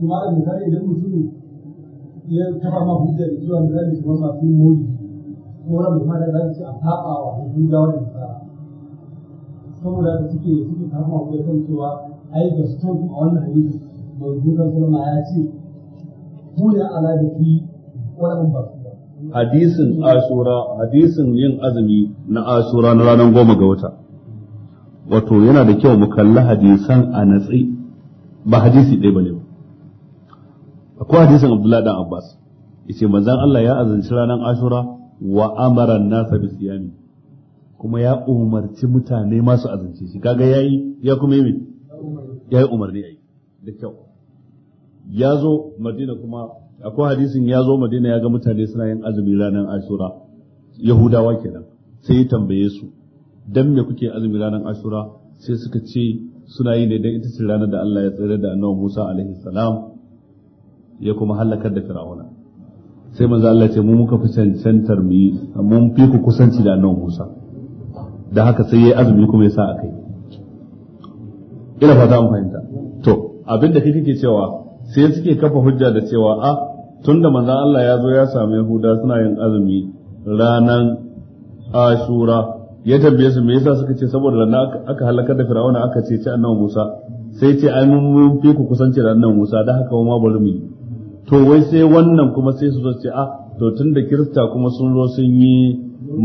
kuma da misali idan mutum ya kafa ma hujja da cewa misali kamar masu yin mori ko wani abu da za da ce a saba wa yahudawa da nasara saboda haka suke suke kafa ma hujja kan cewa ai ga stone a wannan ya ce da ba hadisin ashura hadisin yin azumi na ashura na ranar goma ga wata wato yana da kyau mu kalli hadisan a natsi ba hadisi ɗaya ba. akwai hadisin Abdullahi dan Abbas yace manzon Allah ya azanci ranar Ashura wa amara an-nasa bi siyami kuma ya umarci mutane masu azanci shi kaga yayi ya kuma yi yayi umarni yayi da kyau ya zo Madina kuma akwai hadisin ya zo Madina ya ga mutane suna yin azumi ranar Ashura Yahudawa kenan sai ya tambaye su dan me kuke azumi ranar Ashura sai suka ce suna yi ne dan ita ce ranar da Allah ya tsira da Annabi Musa alaihi salam ya kuma halakar da firawuna sai manzo Allah ce mu muka fi cancantar mu mun fi ku kusanci da annabi Musa da haka sai yayi azumi kuma ya sa akai ina fata mun fahimta to abinda kai kike cewa sai suke kafa hujja da cewa a ah, tunda manzo Allah ya zo ya same Yahuda suna yin azumi ranan Ashura ya tambaye su me yasa suka ce saboda ranar aka halakar da firawuna aka ce ci annabi Musa sai ce ai mun fi ku kusanci da annabi Musa da haka ma bari mu yi to wai sai wannan kuma sai su ce a ah, to tun da kirista kuma sun zo sun yi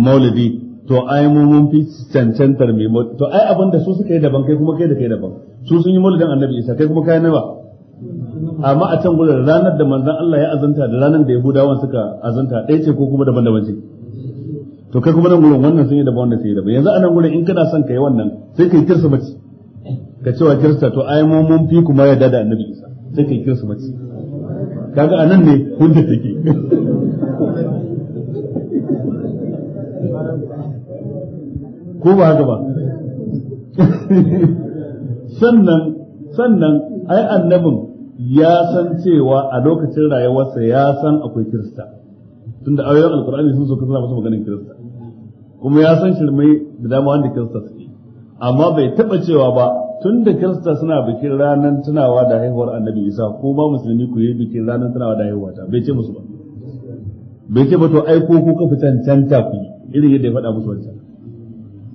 maulidi to ai mu mun fi cancantar mai maulidi to ai abin da su suka yi daban kai kuma kai da kai daban su sun yi maulidin annabi isa kai kuma kai nawa amma a can gurin ranar da manzon Allah ya azanta da ranar da yahudawan suka azanta ɗaya ce ko kuma daban-daban ce to kai kuma nan gudun wannan sun yi daban wannan sun yi daban yanzu a nan gudun in kana son ka yi wannan sai ka yi kirsa mace ka cewa kirista to ai mu mun fi kuma yarda da annabi isa sai ka yi kirsa mace kaga anan ne hujja take ko ba haka ba sannan sannan ai annabin ya san cewa a lokacin rayuwarsa ya san akwai kirista tunda ayoyin alkur'ani sun so ka masa maganin kirista kuma ya san shirmai da dama wanda kirista suke amma bai taba cewa ba tun da kirista suna bikin ranar tunawa da haihuwar annabi isa ko ba musulmi ku yi bikin ranar tunawa da haihuwa ta bai ce musu ba bai ce ba to ai ko ku kafa cancanta ku irin yadda ya faɗa musu wancan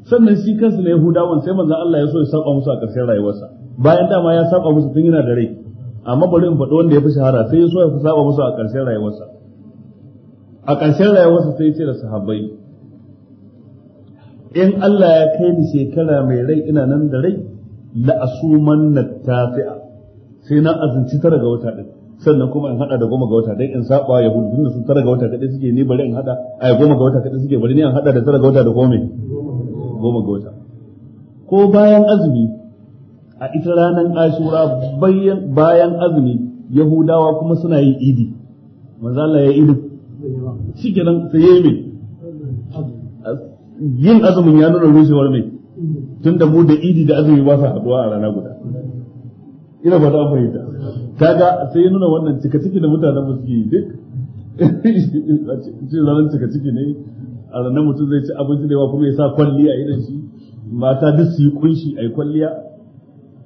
sannan shi kansu na yahudawan sai manzon Allah ya so ya saba musu a ƙarshen rayuwarsa bayan dama ya saba musu tun yana da rai amma bari in faɗi wanda ya fi shahara sai ya so ya saba musu a ƙarshen rayuwarsa a ƙarshen rayuwarsa sai ya ce da sahabbai in Allah ya kai ni shekara mai rai ina nan da rai la asumanna tafi'a sai na azanci tara ga wata din sannan kuma in hada da goma ga wata dai in saba yahudu da sun tara ga wata kaɗai suke ni bari in hada ai goma ga wata kadai suke bari ni in hada da tara ga wata da goma goma ga wata ko bayan azumi a ita ranar ashura bayan bayan azumi yahudawa kuma suna yin idi manzo Allah ya idi shikenan sai yi me yin azumin ya nuna rushewar mai tunda mu da idi da azumi ba sa haduwa a rana guda ina ba ta fahimta kaga sai ya nuna wannan cika ciki da mutanen mu suke duk ce zanen cika ciki ne a ranar mutum zai ci abinci da yawa kuma ya sa kwalliya idan shi mata duk su yi kunshi a yi kwalliya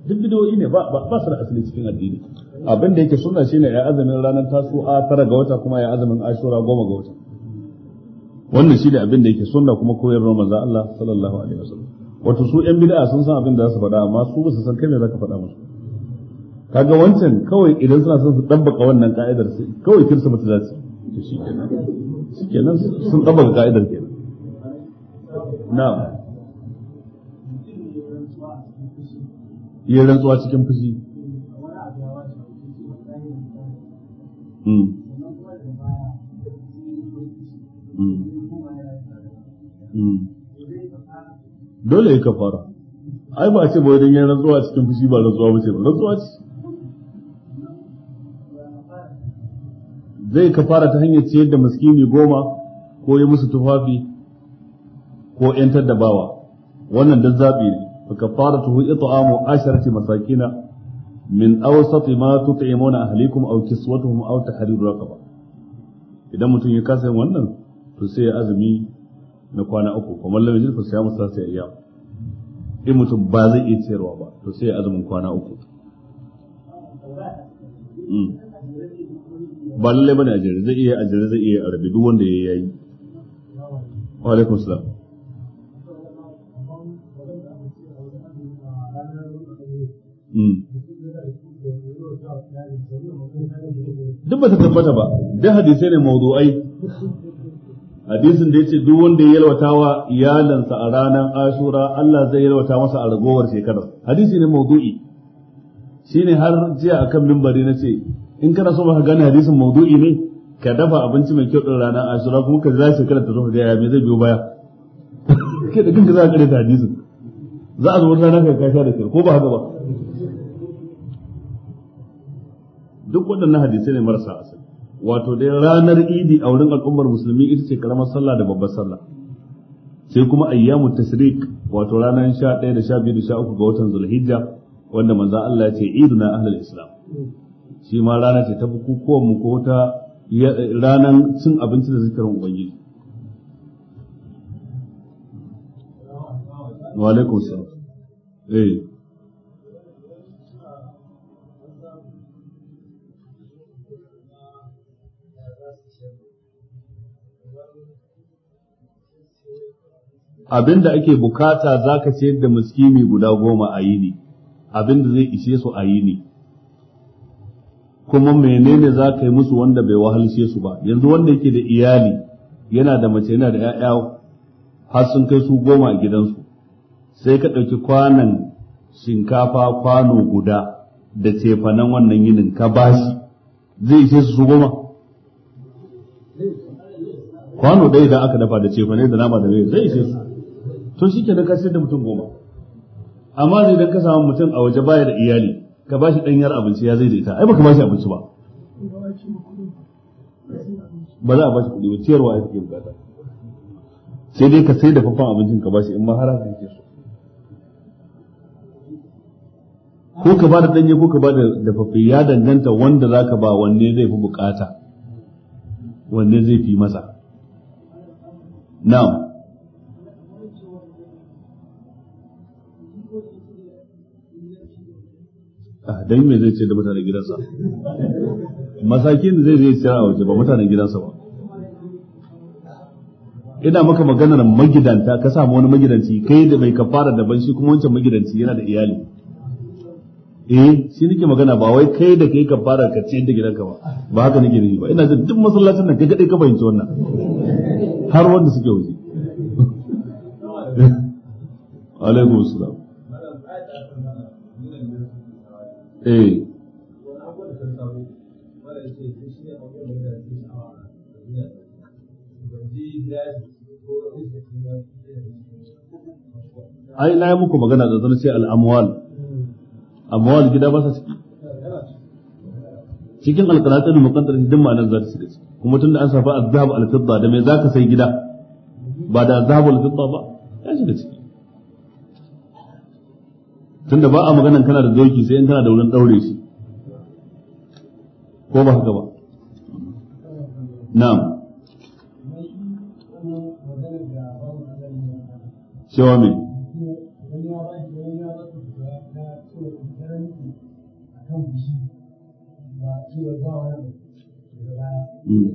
duk bidiyoyi ne ba su da asali cikin addini abin da yake suna shine ya azumin ranar a tara ga wata kuma ya azumin ashura goma ga wata wannan shi da abin da yake sunna kuma koyarwar manzo Allah sallallahu alaihi wasallam wato su yan bid'a sun san abin da za su faɗa amma su ba su san kai me ka faɗa musu kaga wancan kawai idan suna son su dabbaka wannan ka'idar su kawai kirsa mutu za su to shikenan shikenan sun dabbaka ka'idar kenan na'am yin rantsuwa cikin fushi Mm. Mm. dole ya kafara ai ba ce ba wajen yin rantsuwa cikin fushi ba rantsuwa ba ce ba rantsuwa ce zai kafara ta hanyar ciyar da miskini goma ko yi musu tufafi ko yantar da bawa wannan duk zaɓi ne fa kafaratuhu it'amu asharati masakina min awsati ma tut'imuna ahlikum aw kiswatuhum aw tahriru raqaba idan mutum ya kasa wannan to sai ya azumi na kwana uku kuma lam yajid fa siyamu sai ayyam in mutum ba zai iya ciyarwa ba to sai azumin kwana uku hmm. ba lallai bane ajere zai iya ajere zai iya arabi duk wanda ya yayi wa alaikum salam hmm. duk ba ta tabbata ba duk hadisai ne mawdu'ai hadisin da yace duk wanda ya yalwata wa iyalansa a ranar Ashura Allah zai yalwata masa a ragowar shekarar hadisi ne maudu'i shine har jiya akan mimbari nace in kana so baka gane hadisin maudu'i ne ka dafa abinci mai kyau din ranar Ashura kuma ka zai shekarar ta zo da me zai biyo baya ke da kinka za ka karanta hadisin za a zo wata rana ka sha da kai ko ba haka ba duk waɗannan hadisai ne marasa wato dai ranar idi a wurin al'ummar musulmi ita ce karamar sallah da babbar sallah sai kuma ayyamu tasrik wato ranar 11 da 12 da 13 ga watan zulhijja wanda manzo Allah ya ce iduna ahlul islam shi ma rana ce ta bukukuwan mu ko ta ranar cin abinci da zikirin ubangiji wa alaikum salam eh abinda ake bukata zaka ciyar da miskini guda goma a yini abinda zai ishe su a yini kuma menene za ka yi musu wanda bai wahalshe su ba yanzu wanda yake da iyali yana da mace yana da 'ya'ya har sun kai su goma a gidansu sai ka ɗauki kwanan shinkafa kwano guda da cefanen wannan yinin ka bashi zai ishe su su goma kwano dai idan aka dafa da cefane da nama da mai zai ishe su to shi ke ka sayar da mutum goma amma zai dan ka samu mutum a waje baya da iyali ka ba shi ɗanyar abinci ya zai zaizaita ai baka ba shi abinci ba ba za a ba shi kuɗi ba ciyarwa ya take bukata sai dai ka sai da fafan abincin ka ba shi in mahara har yake so ko ka ba da ɗanye ko ka ba da dafaffe ya danganta wanda za ka ba wanne zai fi bukata wanne zai fi masa na'am Ah, dan me zai ce da mutanen gidansa masakin da zai zai ciyar a waje ba mutanen gidansa ba ina maka maganar magidanta ka samu wani magidanci kai da mai kafara daban shi kuma wancan magidanci yana da iyali eh shi nake magana ba wai kai da kai kafara ka ce da gidanka ba ba haka nake nufi ba ina jin duk masallacin nan kai kadai ka fahimci wannan har wanda suke waje alaikum assalam eh ai na yi muku magana da zan sai al'amwal amwal gida ba sa ciki cikin alƙalatin mukantar din ma'anar za su shiga ciki kuma tun da an safa azhab al-fidda da za ka sai gida ba da azhab al ba ya shiga ciki tunda ba a maganan kana da doki sai in kana da wurin daure shi ko ba haka ba na'am cewa me Mm.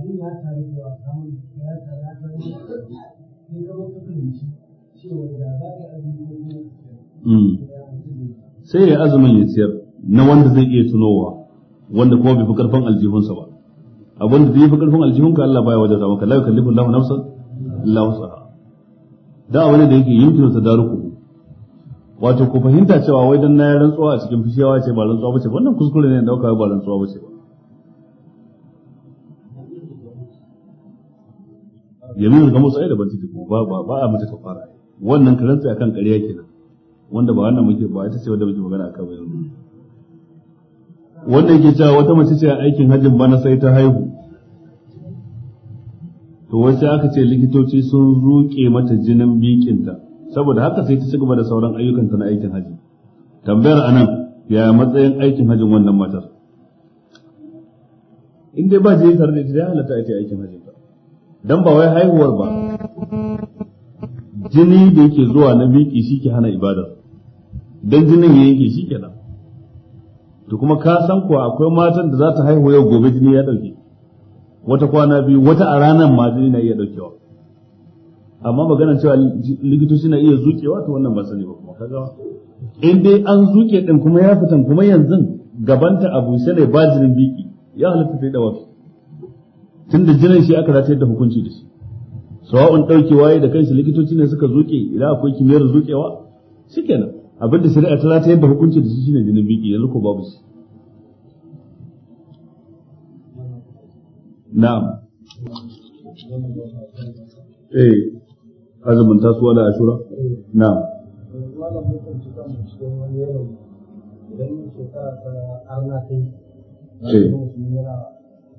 abin ya taru da kamar ya taru sai fahimci cewa da ka ko kuma hmm. sai ya azumin ya ciyar na wanda zai iya tunowa wanda kuma bai fi karfin aljihunsa ba abin da zai fi karfin aljihunka Allah baya wajen maka la yukallifu Allahu nafsa illa wusaha da wani da yake yumkin da daruku wato ku fahimta cewa wai dan na rantsuwa a cikin fishiyawa ce ba rantsuwa bace wannan kuskure ne da kawai ba rantsuwa bace ba yamin ga musu ai da banci ko ba ba ba a mata kafara wannan karanta akan ƙarya kenan wanda ba wannan muke ba ita ce wanda muke magana akan yanzu wanda yake cewa wata mace ce a aikin hajjin bana sai ta haihu to wasu aka ce likitoci sun ruke mata jinin bikinta saboda haka sai ta ci gaba da sauran ayyukanta na aikin hajji, tambayar anan ya matsayin aikin hajjin wannan matar in dai ba je tare da ita ya halatta ake aikin hajjin dan ba wai haihuwar ba jini da yake zuwa na miƙi shi ke hana ibada dan jinin ya yake shi kenan to kuma ka san kuwa akwai matan da za ta haihu yau gobe jini ya dauke wata kwana biyu wata a ranar ma jini na iya daukewa amma maganar cewa likitoci na iya zuƙewa to wannan ba sani ba kuma kaga in dai an zuke din kuma ya fitan kuma yanzu gabanta abu sai ne ba jinin biki ya halitta sai da tunda jinin shi aka ratayar da hukunci da shi sawa'un waye da kansu likitoci ne suka zuke idan akwai kimiyyar zukewa shikenan abinda shari'a ta ratayar da hukunci da shi shine jinin biki yanzu ko babu shi na'am eh azumin tasuwa da ashura na'am idan shekara ta arna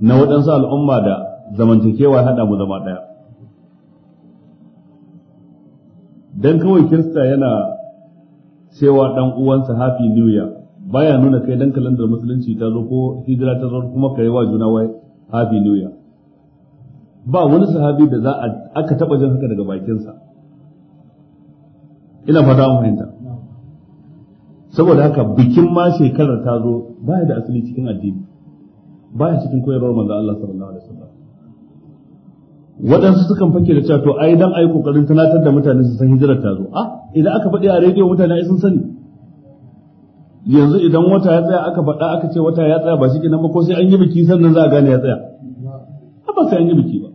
na waɗansu al'umma da zamantakewa haɗa mu zama ɗaya dan kawai kirista yana cewa ɗan uwansa happy new year baya nuna kai dan kalandar musulunci ta zo ko hijira ta zo kuma kai wa juna wai happy new year ba wani sahabi da za a aka taba jin haka daga bakinsa ina fata mun fahimta saboda haka bikin ma shekarar ta zo ba da asali cikin addini baya cikin koyarwar manzo Allah sallallahu alaihi wasallam waɗansu sukan fake da cewa to ai dan ai kokarin tunatar da mutane su san hijirar ta zo ah idan aka faɗi a rediyo mutane ai sun sani yanzu idan wata ya tsaya aka faɗa aka ce wata ya tsaya ba shi kenan ba ko sai an yi biki sannan za a gane ya tsaya ba sai an yi biki ba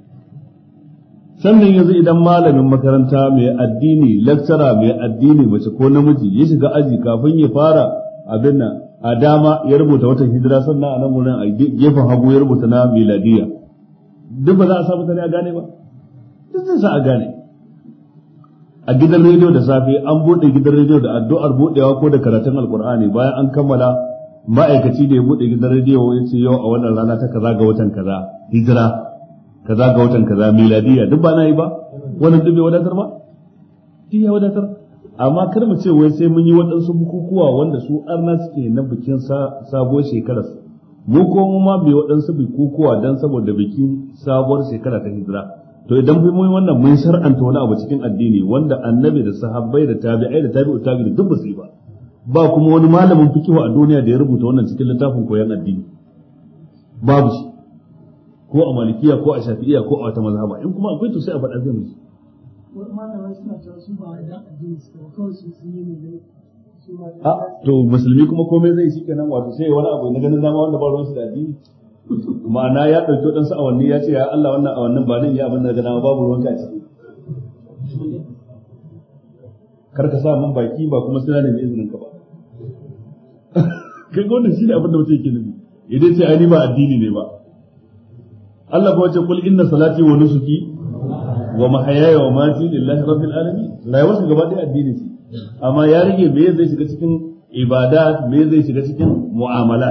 sannan yanzu idan malamin makaranta mai addini lecturer mai addini mace ko namiji ya shiga aji kafin ya fara abin nan a dama ya rubuta watan hijira sannan a nan wurin a gefen hagu ya rubuta na miladiya duk ba za a sa mutane a gane ba duk zai sa a gane a gidan rediyo da safe an buɗe gidan rediyo da addu'ar buɗewa ko da karatun alkur'ani bayan an kammala ma'aikaci da ya buɗe gidan rediyo ya ce yau a wannan rana ta kaza ga watan kaza hijira kaza ga watan kaza miladiya duk ba na yi ba wannan duk bai wadatar ba duk ya wadatar amma kar mu ce wai sai mun yi waɗansu bukukuwa wanda su arna suke na bikin sabuwar shekara mu ko mu ma bai waɗansu bukukuwa dan saboda bikin sabuwar shekara ta hijira to idan mun yi wannan mun shar'anta wani abu cikin addini wanda annabi da sahabbai da tabi'ai da tabi'u tabi'u duk su yi ba ba kuma wani malamin fikihu a duniya da ya rubuta wannan cikin littafin koyon addini babu shi ko a malikiya ko a shafi'iya ko a wata mazhaba in kuma akwai to sai a faɗa zai mu a ah, to musulmi kuma komai zai shi kenan wato sai wani abu na ganin zama wanda ba ruwansu da addini ma'ana ya ɗauki waɗansu awanni ya ce ya Allah wannan awannin ba nan ya abin da gana babu ruwanka a ciki kar ka sa mun baki ba kuma sai na izinin ka ba kai gonda shi ne abin da mutum yake nufi idan ce ai ni ba addini ne ba Allah kuma ce kul inna salati wa nusuki wa mahayaya wa mati lillahi rabbil alamin rayuwarsa gaba ɗaya addini ce amma ya rage me zai shiga cikin ibada me zai shiga cikin mu'amala.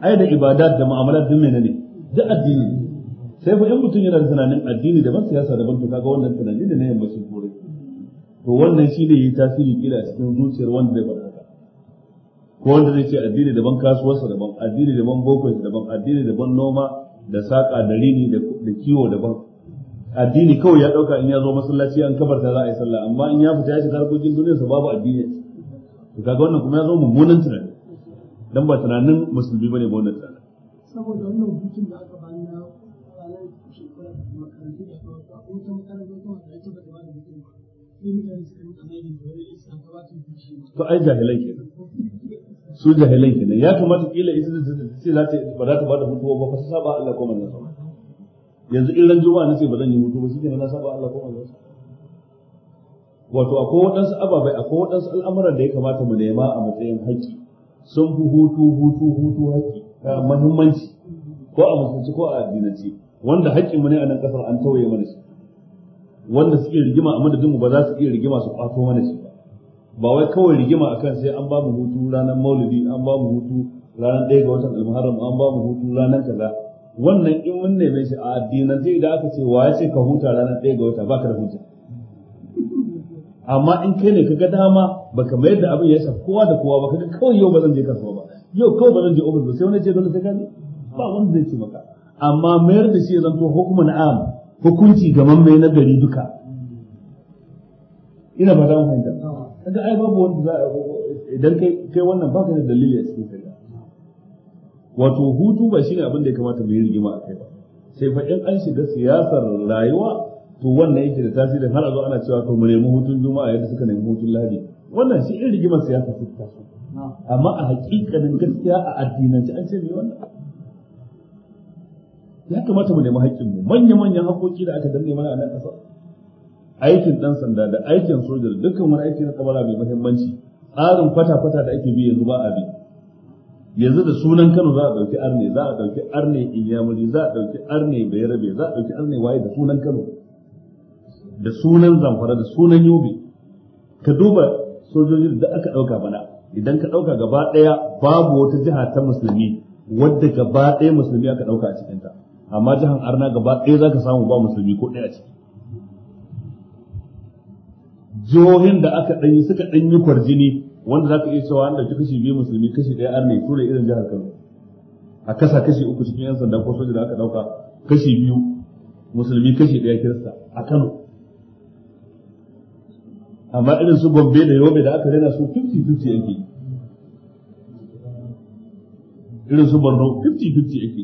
ai da ibada da mu'amalat duk ne duk addini sai fa in mutum yana da tunanin addini daban siyasa daban to kaga wannan tunani da na yammacin kore to wannan shi ne yi tasiri kila cikin zuciyar wanda zai faɗa ko wanda zai ce addini daban kasuwarsa daban addini daban boko daban addini daban noma da saƙa da rini da kiwo daban addini kawai ya dauka in ya zo masallaci an kabarta za a yi sallah amma in ya fita ya shiga harkokin sa babu addini to kaga wannan kuma ya zo mummunan tunani dan ba tunanin musulmi bane ba wannan tunanin saboda wannan hukuncin da aka bani na ranar shekara makarantu da ta wata ko makarantu ta ta ba da mutum ba sai mutane da wani ba to ai jahilai kenan su jahilai kenan ya kamata kila ita da ce za ta ba za ta ba da mutuwa ba fa saba Allah ko manzo yanzu in ba na nace ba zan yi hutu ba shi ne na saba Allah ko Allah wato akwai waɗansu ababai akwai waɗansu al'amuran da ya kamata mu nema a matsayin haƙƙi sun fi hutu hutu hutu haƙƙi muhimmanci ko a musulunci ko a addinance wanda haƙƙin mu ne a nan kasar an tauye mana shi wanda suke rigima a madadin mu ba za su iya rigima su kwato mana shi ba ba wai kawai rigima akan sai an ba mu hutu ranar maulidi an ba mu hutu ranar ɗaya ga watan almuharram an ba mu hutu ranar kaza wannan in mun neme shi a addinan idan da aka ce wa ya ce ka huta ranar ɗaya ga wata ka da huta amma in kai ne ga dama baka mayar da abin ya shafi kowa da kowa ba ga kawai yau ba zan je kasuwa ba yau kawai ba zan je ofis ba sai wani ce dole sai gani ba wanda zai ce maka amma mayar da shi ya zanto na am hukunci ga mai na gari duka ina ba ta fahimta kaga ai babu wanda za idan kai kai wannan ka da dalili a cikin kai wato hutu ba shi ne abin da ya kamata mu yi rigima a kai ba sai fa in an shiga siyasar rayuwa to wannan yake da tasirin har a zo ana cewa to mu nemi hutun juma'a yadda suka nemi hutun lahadi wannan shi irin rigimar siyasa su ta so amma a hakikanin gaskiya a addinance an ce me wannan ya kamata mu nemi haƙƙin mu manya-manyan haƙoƙi da aka danne mana a nan ƙasa aikin ɗan sanda da aikin sojar dukkan wani aiki na kamara mai muhimmanci tsarin fata-fata da ake bi yanzu ba a bi yanzu da sunan Kano za a dauki arne za a dauki arne inyamuri za a dauki arne bayarabe za a dauki arne waye da sunan Kano da sunan zamfara da sunan yobe ka duba sojojin da aka ɗauka bana idan ka ɗauka gaba daya babu wata jiha ta musulmi wadda gaba daya musulmi aka ɗauka a cikin amma jihar arna gaba daya zaka samu ba musulmi ko daya a ciki jihohin da aka danyi suka danyi kwarjini wanda za ka iya cewa wanda dauki kashi biyu musulmi kashi ɗaya arne tura irin jihar Kano a kasa kashi uku cikin yan sanda ko soja da aka dauka kashi biyu musulmi kashi ɗaya kirista a Kano amma irin su Gombe da Yobe da aka rena su 50-50 yake irin su Borno 50-50 yake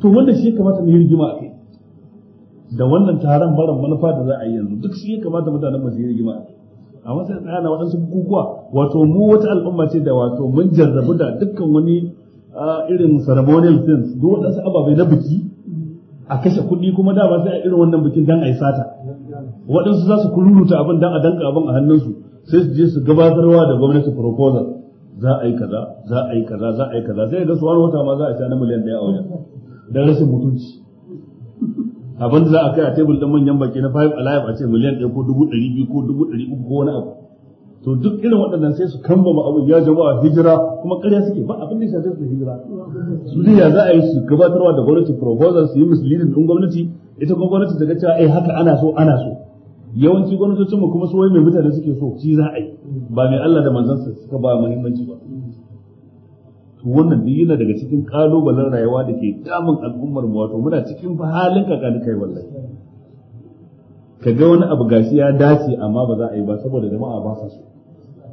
to wanda shi kamata ne rigima a kai da wannan taron barin manufa da za a yi yanzu duk shi kamata mutanen masu yi rigima a kai a wasu tsayana waɗansu bukukuwa wato mu wata al'umma ce da wato mun jarrabu da dukkan wani irin ceremonial things duk waɗansu ababai na biki a kashe kuɗi kuma da ba sai a irin wannan bikin dan a yi sata waɗansu za su kururuta abin dan a danka abin a hannunsu sai su je su gabatarwa da gwamnati proposal za a yi kaza za a yi kaza za a yi kaza sai ga su wani wata ma za a sha na miliyan ɗaya a wajen da rashin mutunci abin da za a kai a tebul din manyan baki na five alive a ce miliyan ɗaya ko dubu ɗari biyu ko dubu ɗari uku ko wani abu to duk irin waɗannan sai su kambama abu ya jama'a hijira kuma ƙarya suke ba abin da shafe su hijira su ne ya za a yi su gabatarwa da gwamnati proposal su yi misleading ɗin gwamnati ita kuma gwamnati ta ga cewa eh haka ana so ana so yawanci gwamnatocinmu kuma su wai mai mutane suke so shi za a yi ba mai Allah da manzansa suka ba muhimmanci ba to wannan duk yana daga cikin kalubalen rayuwa da ke damun al'ummar mu wato muna cikin halin kakani kai wallahi ka ga wani abu gashi ya dace amma ba za a yi ba saboda jama'a ba su so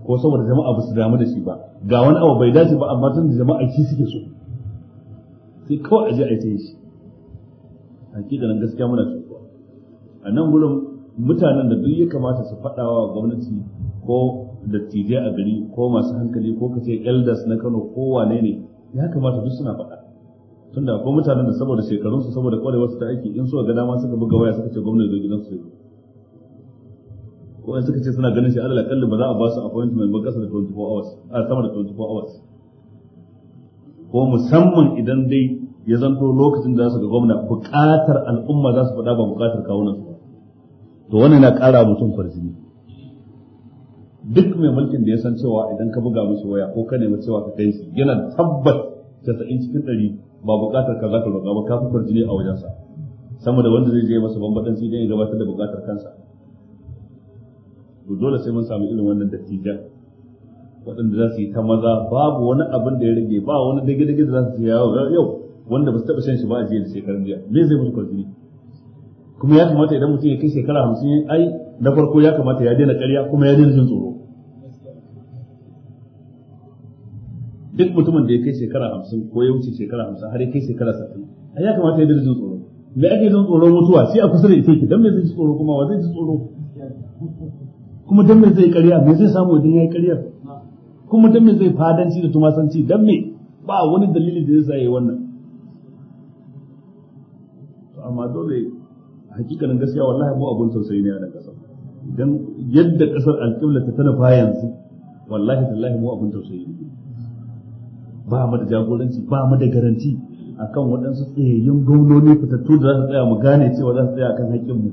ko saboda jama'a ba su damu da shi ba ga wani abu bai dace ba amma tun da jama'a shi suke so sai kawai je a yi ta yi shi nan gaskiya muna so a nan gurin mutanen da duk ya kamata su faɗawa gwamnati ko dattijai a gari ko masu hankali ko ka ce elders na Kano ko wane ne ya kamata duk suna faɗa tunda akwai mutanen da saboda shekarunsu saboda wasu ta aiki in so ga dama suka buga waya suka ce gwamnati zo gidansu su ko in suka ce suna ganin shi alal akalli ba za a ba su appointment ba kasa da 24 hours a sama da 24 hours ko musamman idan dai ya zanto lokacin da za su ga gwamna buƙatar al'umma za su faɗa ba buƙatar kawunan su to wannan na ƙara mutum kwarjini duk mai mulkin da ya san cewa idan ka buga musu waya ko ka nemi cewa ka kai shi yana tabbas casa'in cikin ɗari ba buƙatar ka za ka roƙa ba ka fi farji a wajensa sama da wanda zai je masa bambaɗan idan ya gabatar da buƙatar kansa to dole sai mun samu irin wannan dattijan waɗanda za su yi ta maza babu wani abin da ya rage ba wani dage-dage da za su yi yau wanda ba su taɓa shan shi ba a jiya da shekarun jiya me zai mutu kwarjini kuma ya kamata idan mutum ya kai shekara hamsin ai na farko ya kamata ya daina karya kuma ya daina jin tsoro duk mutumin da ya kai shekara hamsin ko ya wuce shekara hamsin har ya kai shekara sittin ai ya kamata ya daina jin tsoro me ake jin tsoro mutuwa sai a kusa da ita yake dan me zai ji tsoro kuma wa zai ji tsoro kuma dan me zai karya me zai samu idan yayi karya kuma dan me zai fadanci da tumasanci dan me ba wani dalili da zai sa yayi wannan amma dole hakikanin gaskiya wallahi mu abun tausayi ne a nan kasa dan yadda kasar alƙibla ta tana fa yanzu wallahi tallahi mu abun tausayi ne ba mu da jagoranci ba mu da garanti akan waɗansu tsayayyen gaunoni fitattu da za su tsaya mu gane cewa za su tsaya akan haƙƙin mu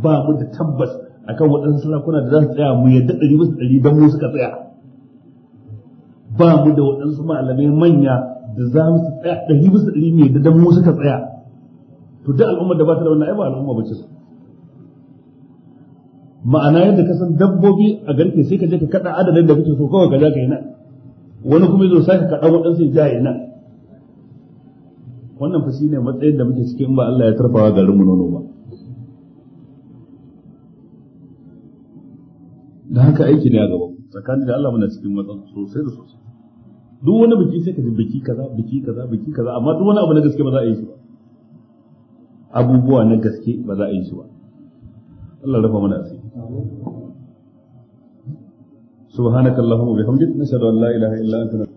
ba mu da tabbas akan waɗansu sarakuna da za su tsaya mu yadda ɗari bisa ɗari don mu suka tsaya ba mu da waɗansu malamai manya da za su tsaya ɗari bisa ɗari mu yadda don mu suka tsaya to duk al'ummar da ba ta da wannan ai ba al'umma ba su ma'ana yadda ka san dabbobi a garke sai ka je ka kada adadin da kake so kawai ka ka yi na wani kuma zo sai ka kada sai ya yi na wannan fasi ne matsayin da muke cikin ba Allah ya tarfawa garin mu nono ba dan haka aiki ne a gaba tsakanin da Allah muna cikin matsan sosai da sosai duk wani biki sai ka ji biki kaza biki kaza biki kaza amma duk wani abu na gaske ba za a yi shi ba abubuwa na gaske ba za a yi su ba Allah rafa mana asiri subhanakallahumma bihamdika nashhadu an la ilaha illa anta